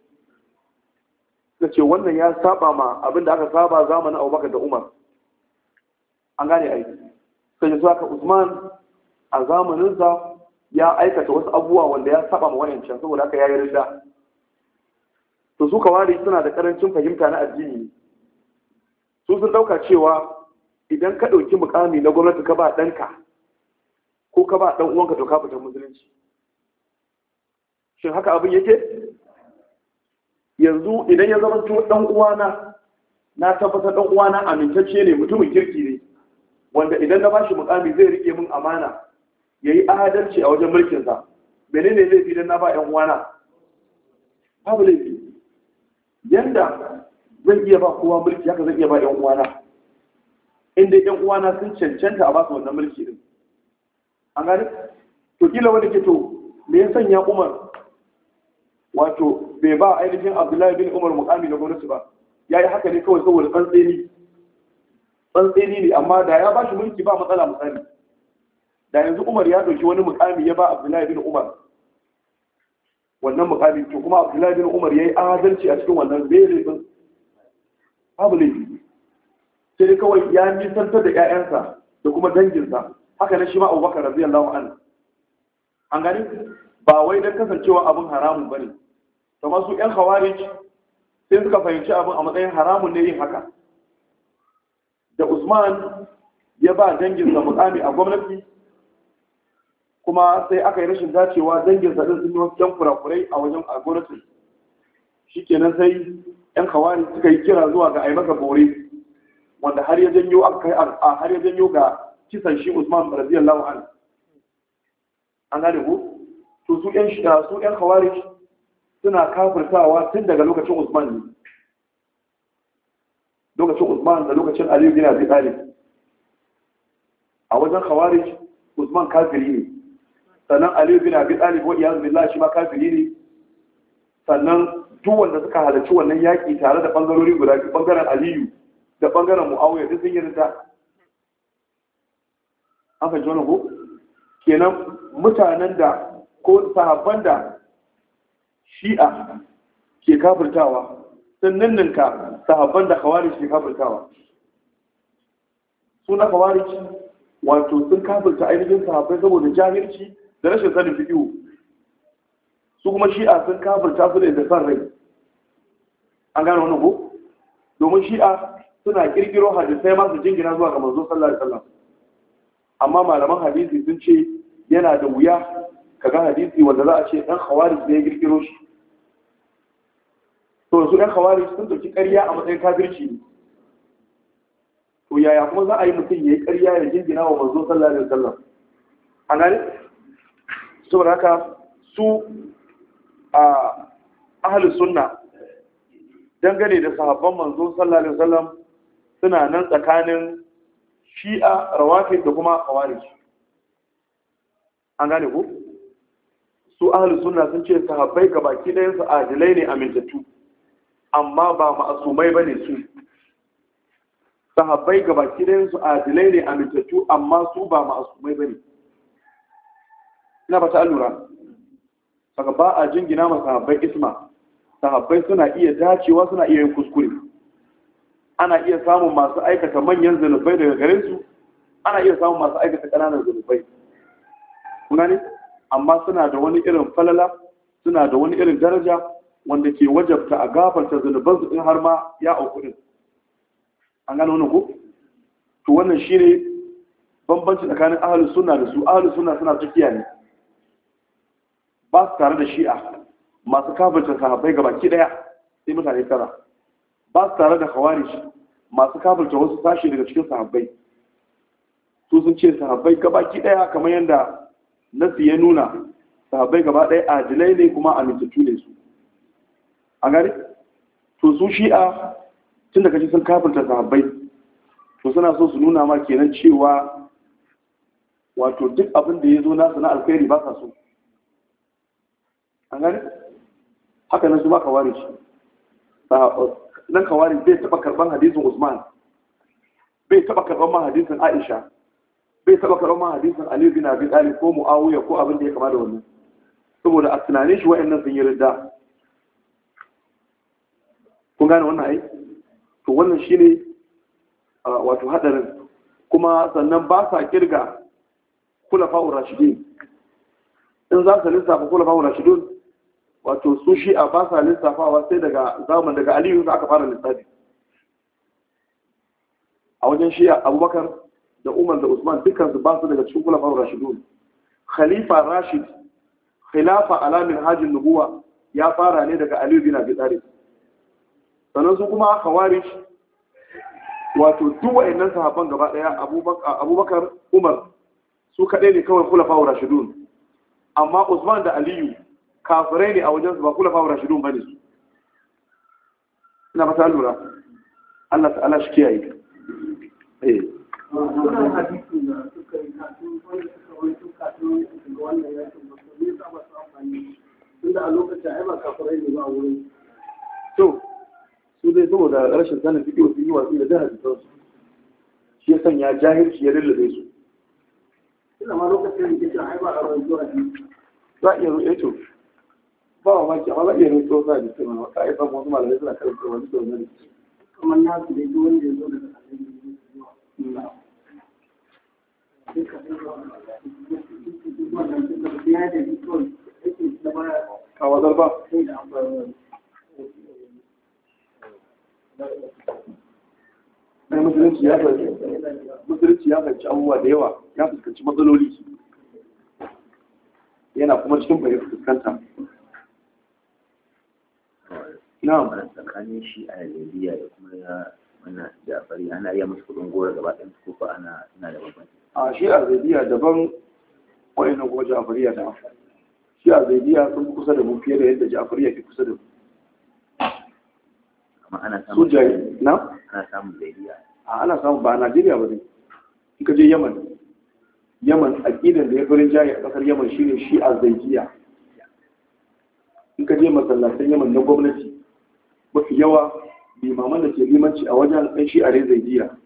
ta ce wannan ya saba ma abinda aka saba zamanin abubakar da umar an gane aiki sai da usman a zamaninsa ya aikata wasu abubuwa wanda ya saba ma can saboda haka ya yi rinda to su kawari suna da karancin fahimta na addini su sun dauka cewa idan ka ɗauki mukami na gwamnati ka ba ɗanka ko ka ba ɗan uwanka to ka fita musulunci shin haka abin yake yanzu idan ya zama to ɗan uwana na tabbatar ɗan uwana amintacce ne mutumin kirki wanda idan na bashi mukami zai rike min amana yayi adalci a wajen mulkin sa menene fi dan na ba yan uwana babu laifi yanda zan iya ba kowa mulki haka zan iya ba yan uwana inda yan uwana sun cancanta a ba su wannan mulki din an gani to kila wanda ke to me ya sanya Umar wato bai ba ainihin Abdullahi bin Umar mukami na gwamnati ba yayi haka ne kawai saboda tsantseni tsantsini ne amma da ya ba shi mulki ba matsala misali da yanzu umar ya ɗauki wani mukami ya ba abdullahi bin umar wannan mukami to kuma abdullahi bin umar ya yi adalci a cikin wannan bere din babu laifi sai dai kawai ya nisantar da 'ya'yansa da kuma danginsa haka na shi ma abubakar radiyallahu anhu an gani ba wai don kasancewa abin haramun ba ne. kamar su ƴan khawarij sai suka fahimci abin a matsayin haramun ne yin haka da usman ya ba danginsa mukami a gwamnati kuma sai aka yi rashin dacewa danginsa din sun yi wasu kurakurai a wajen a shikenan sai yan kawari suka yi kira zuwa ga aimaka bore wanda har ya janyo a har ya janyo ga kisan shi usman radiyallahu anhu an gane ku to su yan su yan kawari suna kafirtawa tun daga lokacin usman ne lokacin Usman da lokacin Aliyu bin zai Talib a wajen Khawarij Usman kafiri ne sannan Aliyu bin zai Talib ko iya billah lashi ma kafiri ne sannan duwan da suka halarci wannan yaƙi tare da ɓangarori guda biyu ɓangaren Aliyu da ɓangaren Muawiya duk sun rinta. an fahimci wani ko kenan mutanen da ko sahabban da shi'a ke kafirtawa sun ninninka sahabban da kawari ke kafirtawa suna kawari wato sun kafirta ainihin sahabbai saboda jahilci da rashin sanin fiƙiwu su kuma shi'a sun kafirta su da san rai an gane wani ko domin shi'a suna kirkiro hadisai masu jingina zuwa ga manzo sallallahu alaihi amma malaman hadisi sun ce yana da wuya kaga hadisi wanda za a ce dan khawarij ne ya kirkiro shi to su ɗan kawari sun ɗauki ƙarya a matsayin kafirci ne to yaya kuma za a yi mutum ya yi ƙarya ya jingina wa manzo sallah da sallah a nan Su haka su a ahalus sunna dangane da sahabban manzo sallah da sallah suna nan tsakanin shi'a rawafid da kuma khawarij an gane ku su ahalus sunna sun ce sahabbai gabaki ɗayan su jilai ne a mintattu amma ba ma'asumai ba ne su sahabbai gaba kidansu adilai ne a mintattu amma su ba ma'asumai ba ne ina ba ta allura saka ba a jingina ma sahabbai isma sahabbai suna iya dacewa suna iya yin kuskure ana iya samun masu aikata manyan zanubai daga gare su ana iya samun masu aikata ƙananan zanubai kuna ne amma suna da wani irin falala suna da wani irin daraja wanda ke wajabta a gafarta zunuban su in har ma ya auku din an gano wannan ku. to wannan shine bambanci tsakanin ahlus sunna da su ahlus sunna suna tsakiya ne ba su tare da shi'a masu kafirta sahabbai gaba ki daya sai mutane tara ba su tare da shi, masu kafirta wasu sashi daga cikin sahabbai su sun ce sahabbai gaba ki daya kamar yadda nasi ya nuna sahabbai gaba daya ajilai ne kuma amintattu ne su a gari to su shi'a tun da kashi sun kafinta sahabbai to suna so su nuna ma kenan cewa wato duk abin da ya zo nasu na alkhairi ba sa so a gari haka nan su ba kawari shi nan kawari bai taɓa karɓar hadisun usman bai taɓa karɓar ma hadisun aisha bai taɓa karɓar ma hadisun aliyu bin abi ko mu'awuya ko abin da ya kama da wannan saboda a tunanin shi wa'annan sun yi ridda kun gane wannan ai to wannan shine wato hadarin kuma sannan ba sa kirga kulafa'ur rashidin in za su lissafa kulafa'ur rashidin wato su shi a ba sa lissafawa sai daga zaman daga aliyu da aka fara lissafi a wajen shi abubakar da umar da usman dukansu ba su daga cikin kulafa'ur rashidin khalifa rashid khilafa alamin hajin nubuwa ya fara ne daga aliyu bin abi talib sannan su kuma khawarij wato duk wayannan sahabban gaba daya abubakar umar su kadai ne kawai khulafa wa rashidun amma usman da aliyu kafirai ne a wajen su ba khulafa wa rashidun bane su ina fata lura Allah ta'ala shi kiyaye eh wannan hadisin da suka yi kafin wanda suka wani kafin wanda ya tumba ne ba su amfani tunda a lokacin ai ba kafirai ne ba wurin to su zai saboda rashin sanin fikiyo wasu, yi watsi da jihar jikin su shi ya sanya jahilci ya lullube su ina ma lokacin da kike haifa a rawar zuwa za a iya ba wa amma za a iya ruɗe za a jikin wani ka aifan wasu malamai suna karanta wani da wani kamar na su dai wanda ya zo daga kawo ba. na musulunci ya musulunci ya fahimci abubuwa da yawa ya fuskanci matsaloli yana kuma cikin bayan fuskanta na'am a tsakanin shi a Najeriya da kuma ya Jafari ana iya musu kudin gora gaba ana suna da a shi a Najeriya daban kuma Jafariya da shi a Najeriya sun kusa da mu fiye da yadda Jafariya ke kusa da mu su jari na? ana samun zairiya a ana samun ba a najeriya ba zai in ka je yaman yaman a aƙidan da ya farin jari a ƙasar yaman shi ne shi a zaijiya in ka je masallatan yaman na gwamnati mafi yawa bi limaman da ke limanci a wajen ɗan shi a rai zaijiya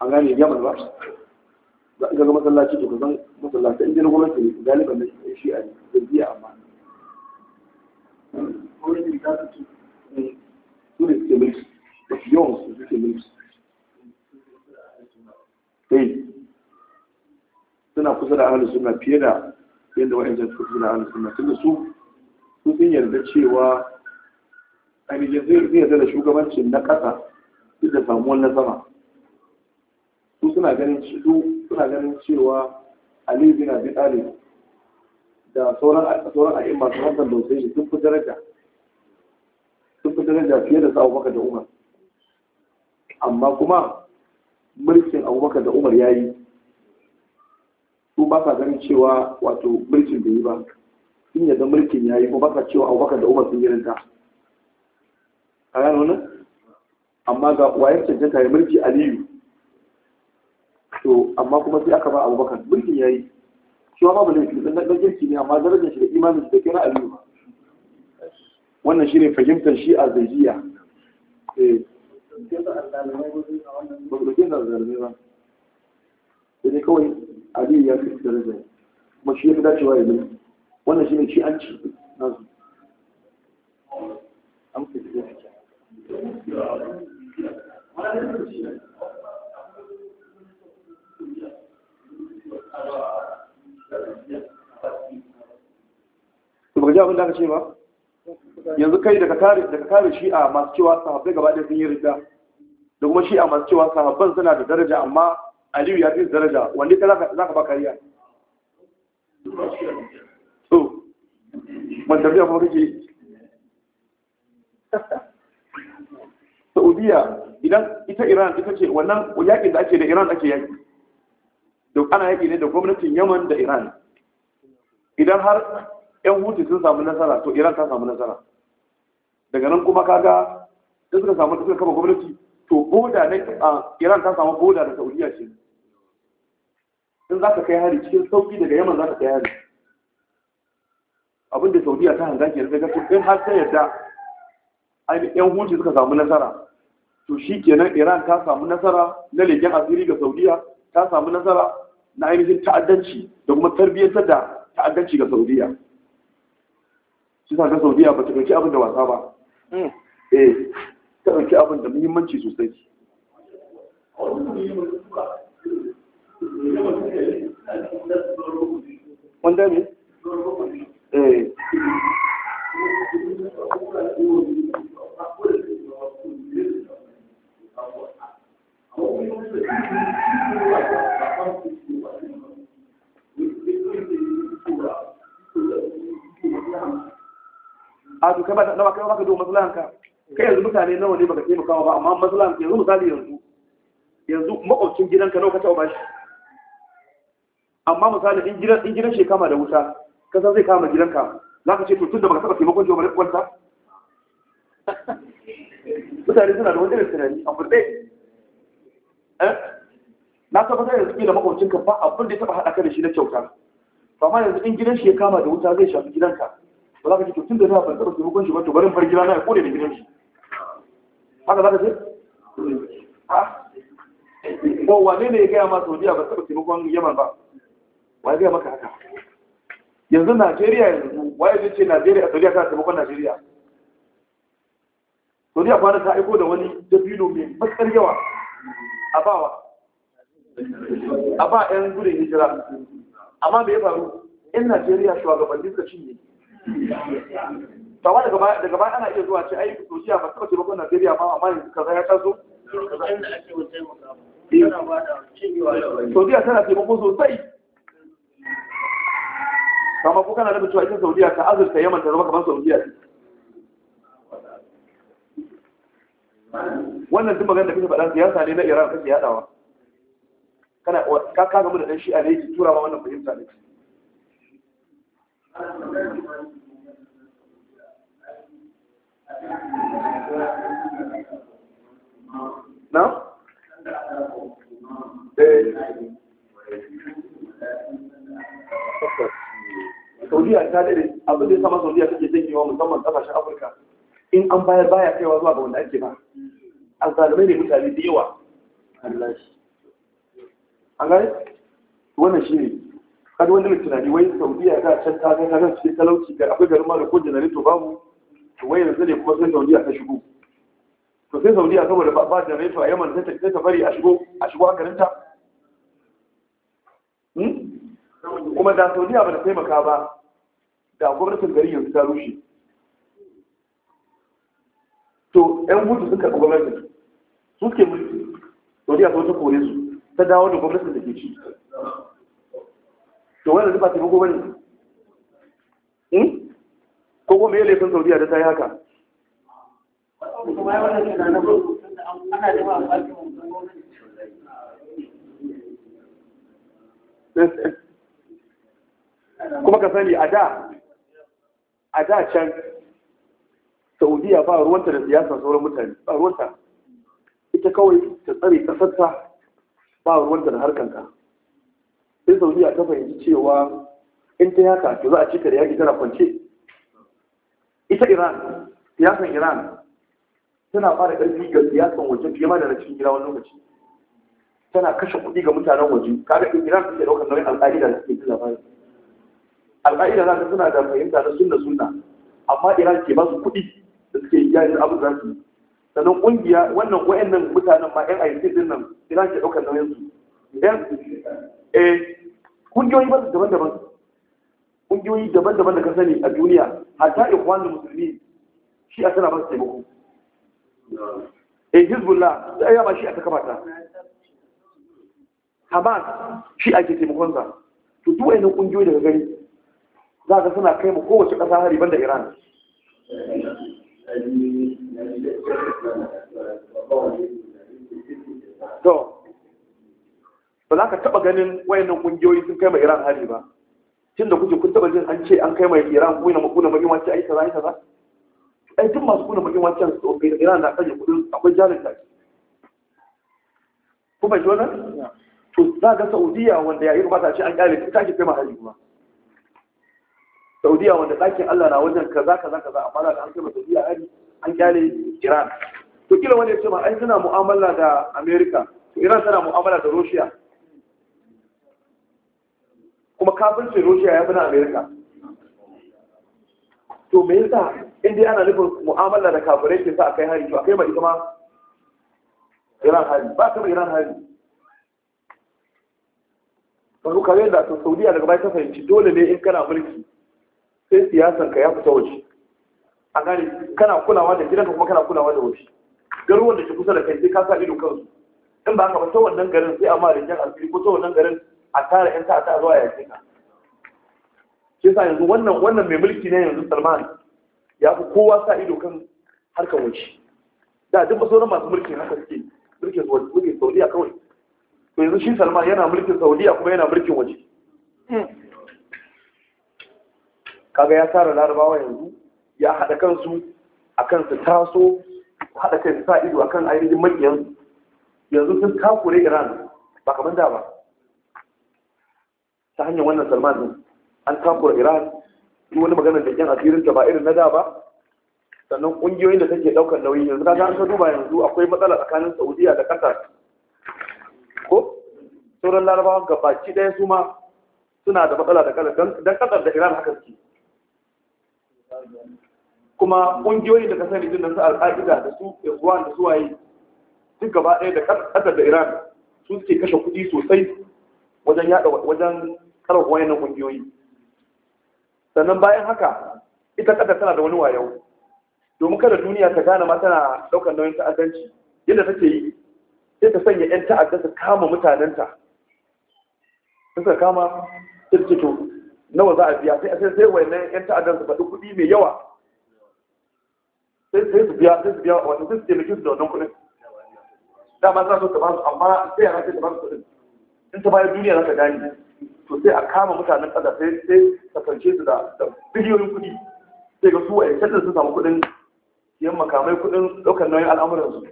an gane yaman ba za a ga masallaci da kusan masallatan inda na gwamnati ne galiban da shi a zaijiya amma su ne suke mulki mafi yawan su suke mulki eh suna kusa da ahalin suna fiye da yadda wa'ancan suka kusa da ahalin suna tunda su su sun yarda cewa ainihin zai yarda da shugabancin na ƙasa duk da samuwar na sama su suna ganin su suna ganin cewa alizu bin abi talib da sauran sauran a'imma sauran da sun duk daraja daraja fiye da sa abubakar da umar amma kuma mulkin abubakar da umar ya yi su ba sa ganin cewa wato mulkin bai yi ba in yadda mulkin ya yi kuma ba sa cewa abubakar da umar sun yi ranta, a gano nan amma ga wayar cancanta ya mulki aliyu to amma kuma sai aka ba abubakar mulkin ya yi shi ma ba da yake da ne amma darajar shi da imanin shi da kira aliyu ba wannan shi ne fahimtar shi a zaijiya kawai aliyu ya fi kuma shi ya fi dacewa ya wannan shi ne shi an ci nasu an fi da Ba ji abin da aka ce ba? yanzu kai daga kare daga kare a masu cewa sahabbai gaba ɗaya sun yi rida da kuma shi a masu cewa sahabban suna da daraja amma aliyu ya fi daraja wanda ka za ka ba kariya to wanda tafiya kuma kake saudiya idan ita iran ita ce wannan yaƙin da ake da iran ake yaƙi da ana yaƙi ne da gwamnatin yaman da iran idan har 'yan hutu sun samu nasara to iran ta samu nasara daga nan kuma kaga da suka samu suka kama gwamnati to boda na iran ta samu boda da saudiya ce in za ka kai hari cikin sauki daga yaman za ka kai hari abin da saudiya ta hanga ke daga in har sai yadda yan huji suka samu nasara to shi kenan iran ta samu nasara na leken asiri ga saudiya ta samu nasara na ainihin ta'addanci da kuma tarbiyyantar da ta'addanci ga saudiya shi sa ga saudiya ba ta ɗauki abin da wasa ba Eh, eh ta ɗauki abin da muhimmanci sosai wanda ne? Thank eh. you. a to kai ba ta dawa kai ba ka duba maslahan ka kai yanzu mutane nawa ne baka taimaka ba amma maslahan yanzu misali yanzu yanzu makwabcin gidanka nawa ka taɓa ba shi amma misali in gidan in gidan kama da wuta ka san zai kama gidanka za ka ce to tunda baka taɓa taimakon jiwa bare kwanta mutane suna da wani irin tunani a furɗe eh? na taɓa tabbatar yanzu kila makwabcinka ba abin da ya taɓa haɗa ka da shi na kyauta amma yanzu in gidan shi ya kama da wuta zai shafi gidanka ba ka ce to tun da na ban taɓa taimakon shi ba to barin fargila na ya kore da gidan shi haka za ka ce ba wane ne ya gaya ma saudiya ba taɓa taimakon yaman ba wa ya gaya maka haka yanzu najeriya yanzu waye zai ce najeriya saudiya ta taimakon najeriya saudiya kwana ta aiko da wani dabino mai matsar yawa a bawa a ba 'yan gudun hijira amma me ya faru 'yan najeriya shugabanni suka cinye ba ma daga baya ana iya zuwa ce ai Turkiya ba taɓa taimakon Najeriya ba amma yanzu kaza ya taso Saudiya tana taimakon sosai kama ko kana da cewa ita Saudiya ta azurta Yaman ta zama kamar Saudiya ce wannan duk magana da kake faɗa siyasa ne na Iran kake yadawa kana ka gaba da ɗan shi'a ne ki tura ma wannan fahimta ne na? saudiya ta dare abin da sama saudiya take janyewa musamman kasashen afirka in an bayar baya kaiwa zuwa ga wanda ake ba a zalimai ne mutane da yawa an gani wannan shi ne kaga wani mai tunani wai saudiya ga can ta ga kan cikin talauci ga akwai garin da ko janareto babu to wai yanzu ne kuma sai saudiya ta shigo to sai saudiya saboda ba janareto a yaman sai ta ta bari a shigo a shigo a garin ta hmm? kuma da saudiya ba ta taimaka ba da gwamnatin gari yanzu ta rushe to yan gudu sun karɓi gwamnatin su suke mulki saudiya ta wata kore su ta dawo da gwamnatin da ke ci to wannan zuba ba taimako ba in hmm? ko kuma ya laifin saudiya da ta yi haka kuma ka sani a da a da can saudiya ba ruwanta da siyasa sauran mutane ba ruwanta ita kawai ta tsare kasarta ba ruwanta da harkanta sai saudiya ta fahimci cewa in ta yaka to za a cika da yaƙi tana kwance ita iran siyasan iran tana fara ƙarfi ga siyasan waje fiye ma da na cikin gida wani lokaci tana kashe kuɗi ga mutanen waje kaga iran suke ɗaukar nauyin al'aida da suke labari al'aida za ka suna da fahimta na sunna sunna amma iran ke ba su kuɗi da suke yayin abu za su yi sannan ƙungiya wannan wa'annan mutanen ma 'yan ayyukan nan iran ke ɗaukar nauyin su eh kungiyoyi ba su daban-daban kungiyoyi daban-daban da ka sani a duniya hatta ikhwanul musulmi shi a sana ba su taimako A eh, Hezbollah, da ya ba shi a ta kamata hamas shi ake taimakon sa to duk wayannan kungiyoyi daga gari za ka suna kai mu kowace ƙasa hari da iran ba za ka taɓa ganin wayannan ƙungiyoyi sun kai ma iran hari ba tun da kuke kun taɓa jin an ce an kai ma iran na kuna mai wancan ai kaza ai kaza ai tun masu kuna magin wancan iran na kaje kudin akwai jarin taki kuma ji wannan to za ga saudiya wanda ya yi ba ta ce an kare ta ke kai ma hari kuma saudiya wanda ɗakin allah na wajen kaza kaza kaza amma da an kai ma saudiya hari an kare iran to kila wanda ya ce ma ai suna mu'amala da america iran tana mu'amala da russia kuma kafircin Russia ya fi na Amerika. To me yasa inda yana nufin mu'amala da kafirai ke sa a kai hari to a kai ma ita ma Iran hari ba ta Iran hari. Baru kare da to Saudiya daga baya ta fahimci dole ne in kana mulki sai siyasan ka ya fita waje. A gane kana kulawa da gidanka kuma kana kulawa da waje. Garuwan da ke kusa da kai sai ka sa ido kansu. In ba ka ba ta wannan garin sai a ma rinjan asiri ko ta wannan garin a tara yan ta'adda zuwa yaƙi ka shi yanzu wannan wannan mai mulki ne yanzu Salman ya fi kowa sa ido kan harkar waje da duk sauran masu mulki haka suke mulkin mulkin Saudiya kawai to yanzu shi Salman yana mulkin Saudiya kuma yana mulkin waje kaga ya tara larabawa yanzu ya haɗa kansu a kan su taso haɗa kai sa ido a kan ainihin makiyan yanzu sun kakure iran ba kamar da ba ta hanyar wannan salman din an takura iran duk wani magana da yan asirin ta ba irin na da ba sannan kungiyoyin da take daukar nauyi yanzu ka an ka duba yanzu akwai matsala tsakanin saudiya da qatar ko sauran larabawan gabaci ɗaya su ma suna da matsala da kasar don kasar da iran haka suke kuma ƙungiyoyin da kasar da su al'adida da su yanzuwa da suwaye duk gaba ɗaya da kasar da iran su suke kashe kuɗi sosai wajen yada wajen tsara wayannan kungiyoyi sannan bayan haka ita kasa tana da wani wayo domin kada duniya ta gane ma tana daukar nauyin ta'addanci yadda take yi sai ta sanya yan ta'adda su kama mutanenta ta kama to nawa za a biya sai sai sai wayannan yan ta'addan su faɗi kuɗi mai yawa sai sai su biya sai su biya wata sai su taimake su da wannan kuɗin dama za su ta ba su amma sai yana sai ta ba su kuɗin in ta bayar duniya za ta gane to sai a kama mutanen ƙasa sai sai kasance su da biliyoyin kuɗi sai ga su wa yankin sun samu kuɗin yan makamai kuɗin ɗaukar nauyin al'amuransu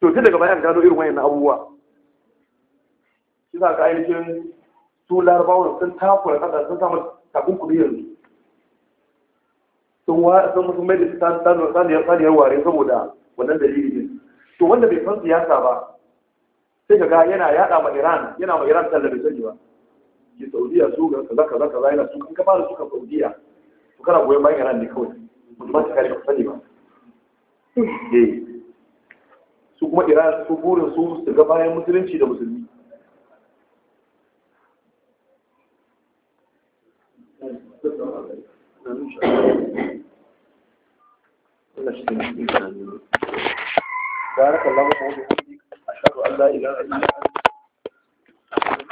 to sai daga bayan gano irin wayan abubuwa shi za ga ainihin su larabawa sun takura ƙasa sun samu takun kuɗi yanzu sun wa sun mutum mai da su saniyar ware saboda wannan dalilin. to wanda bai san siyasa ba sai ga yana yada ma Iran yana ma Iran tallafi sani ba ki Saudiya su ga kaza kaza kaza yana su kan ka fara suka Saudiya to kana goyon bayan Iran ne kawai mutum ba ta kare ka sani ba eh su kuma Iran su burin su su ga bayan musulunci da musulmi بارك أن لا إله إلا أنت